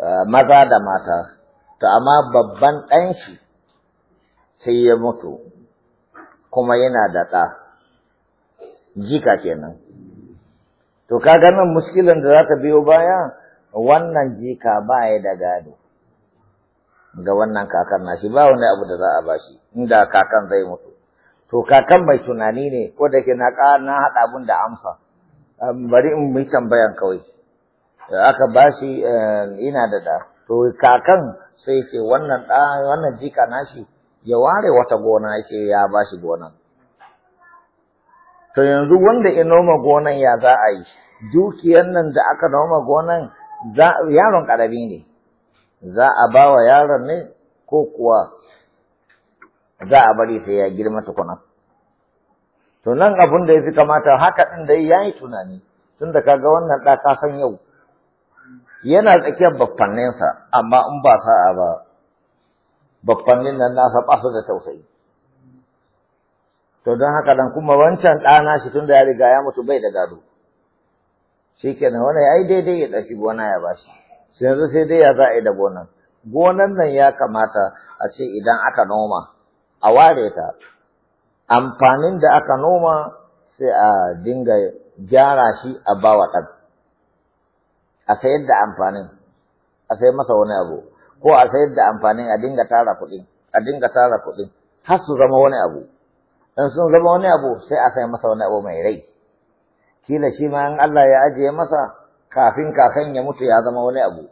Eh, maza da mata to amma babban ɗan sai ya mutu kuma yana da ɗa jika kenan to ka ganin muskilin da za ta biyo baya wannan jika ba ya da gado ga wannan kakan nashi ba wani abu da za a bashi inda kakan zai mutu to kakan mai tunani ne ko da ke na haɗa abun da amsa bari in mai tambayan kawai aka bashi eh, ina da da to kakan sai ce wannan da wannan jika nashi ya ware wata gona yake ya bashi gonan to yanzu wanda ya noma gonan ya za a yi dukiyar nan da aka noma gonan yaron ƙarami ne za a ba wa yaron ne ko kuwa za a bari sai ya girma tukuna to nan abin da ya fi kamata haka ɗin da ya yi tunani tunda da kaga wannan ɗa ka san yau yana tsakiyar baffanninsa amma in ba sa'a ba baffannin nan nasa ba su da tausayi to don haka dan kuma wancan ɗana shi tun da ya riga ya mutu bai da gado shi kenan wani ai daidai ya ɗashi gona ya bashi sai yanzu sai dai ya za a yi da gonan gonan nan ya kamata a ce idan aka noma a ware ta amfanin da aka noma sai a dinga gyara shi a bawa ɗan a sayar da amfanin a sayar masa wani abu ko a sayar da amfanin a dinga tara kuɗi a dinga tara kuɗi har su zama wani abu in sun zama wani abu sai a sayar masa wani abu mai rai kila shi ma in Allah ya ajiye masa kafin kakan ya mutu ya zama wani abu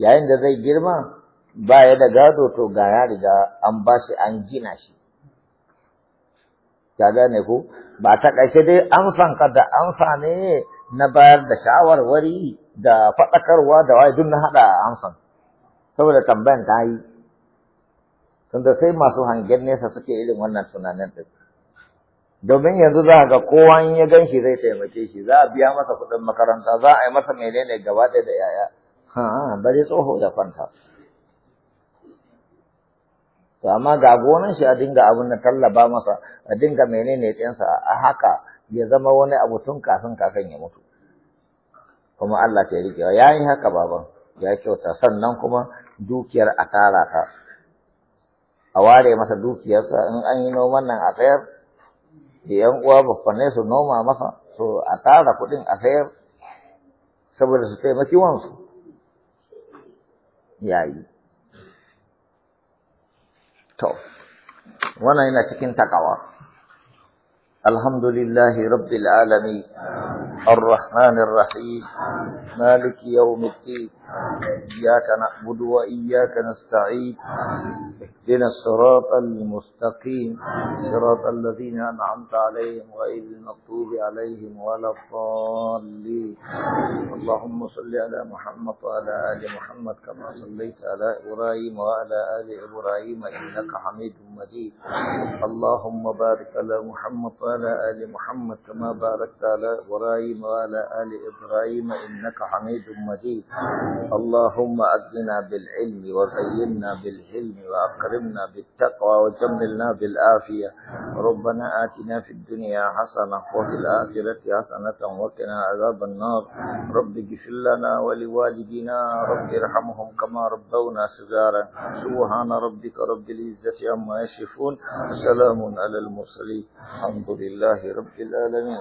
yayin da zai girma baya da gado to ga ya riga an ba shi an gina shi ya gane ko ba ta ƙarshe dai an san kada da amfani ne na bayar da shawarwari da faɗakarwa da waye duk na haɗa a amsan saboda tambayan ta yi tunda sai masu hangen nesa suke irin wannan tunanin ɗin domin yanzu za ga kowa in ya gan shi zai taimake shi za a biya masa kuɗin makaranta za a yi masa menene gaba ɗaya da yaya ha bari tsoho da kwanta to amma ga gonan shi a dinga abin na tallaba masa a dinga menene ɗinsa a haka ya zama wani abu tun kafin kafin ya mutu kuma Allah ce rike wa yi haka baban ya kyauta sannan kuma dukiyar a tara ta a ware masa dukiyarsa in an yi noman nan a sayar da yan uwa bafanne su noma masa so a tara kuɗin a sayar saboda su taimaki wansu yayi to wannan yana cikin takawa الحمد لله رب العالمين الرحمن الرحيم مالك يوم الدين إياك نعبد وإياك نستعين اهدنا الصراط المستقيم صراط الذين أنعمت عليهم غير المغضوب عليهم ولا الضالين اللهم صل على محمد وعلى آل محمد كما صليت على إبراهيم وعلى آل إبراهيم إنك حميد مجيد اللهم بارك على محمد وعلى وعلى آل محمد كما باركت على إبراهيم وعلى آل إبراهيم إنك حميد مجيد اللهم أدنا بالعلم وزينا بالحلم وأكرمنا بالتقوى وجملنا بالعافية ربنا آتنا في الدنيا حسنة وفي الآخرة حسنة وقنا عذاب النار رب اغفر لنا ولوالدينا رب ارحمهم كما ربونا صغارا سبحان ربك رب العزة عما يصفون وسلام على المرسلين الحمد لله رب العالمين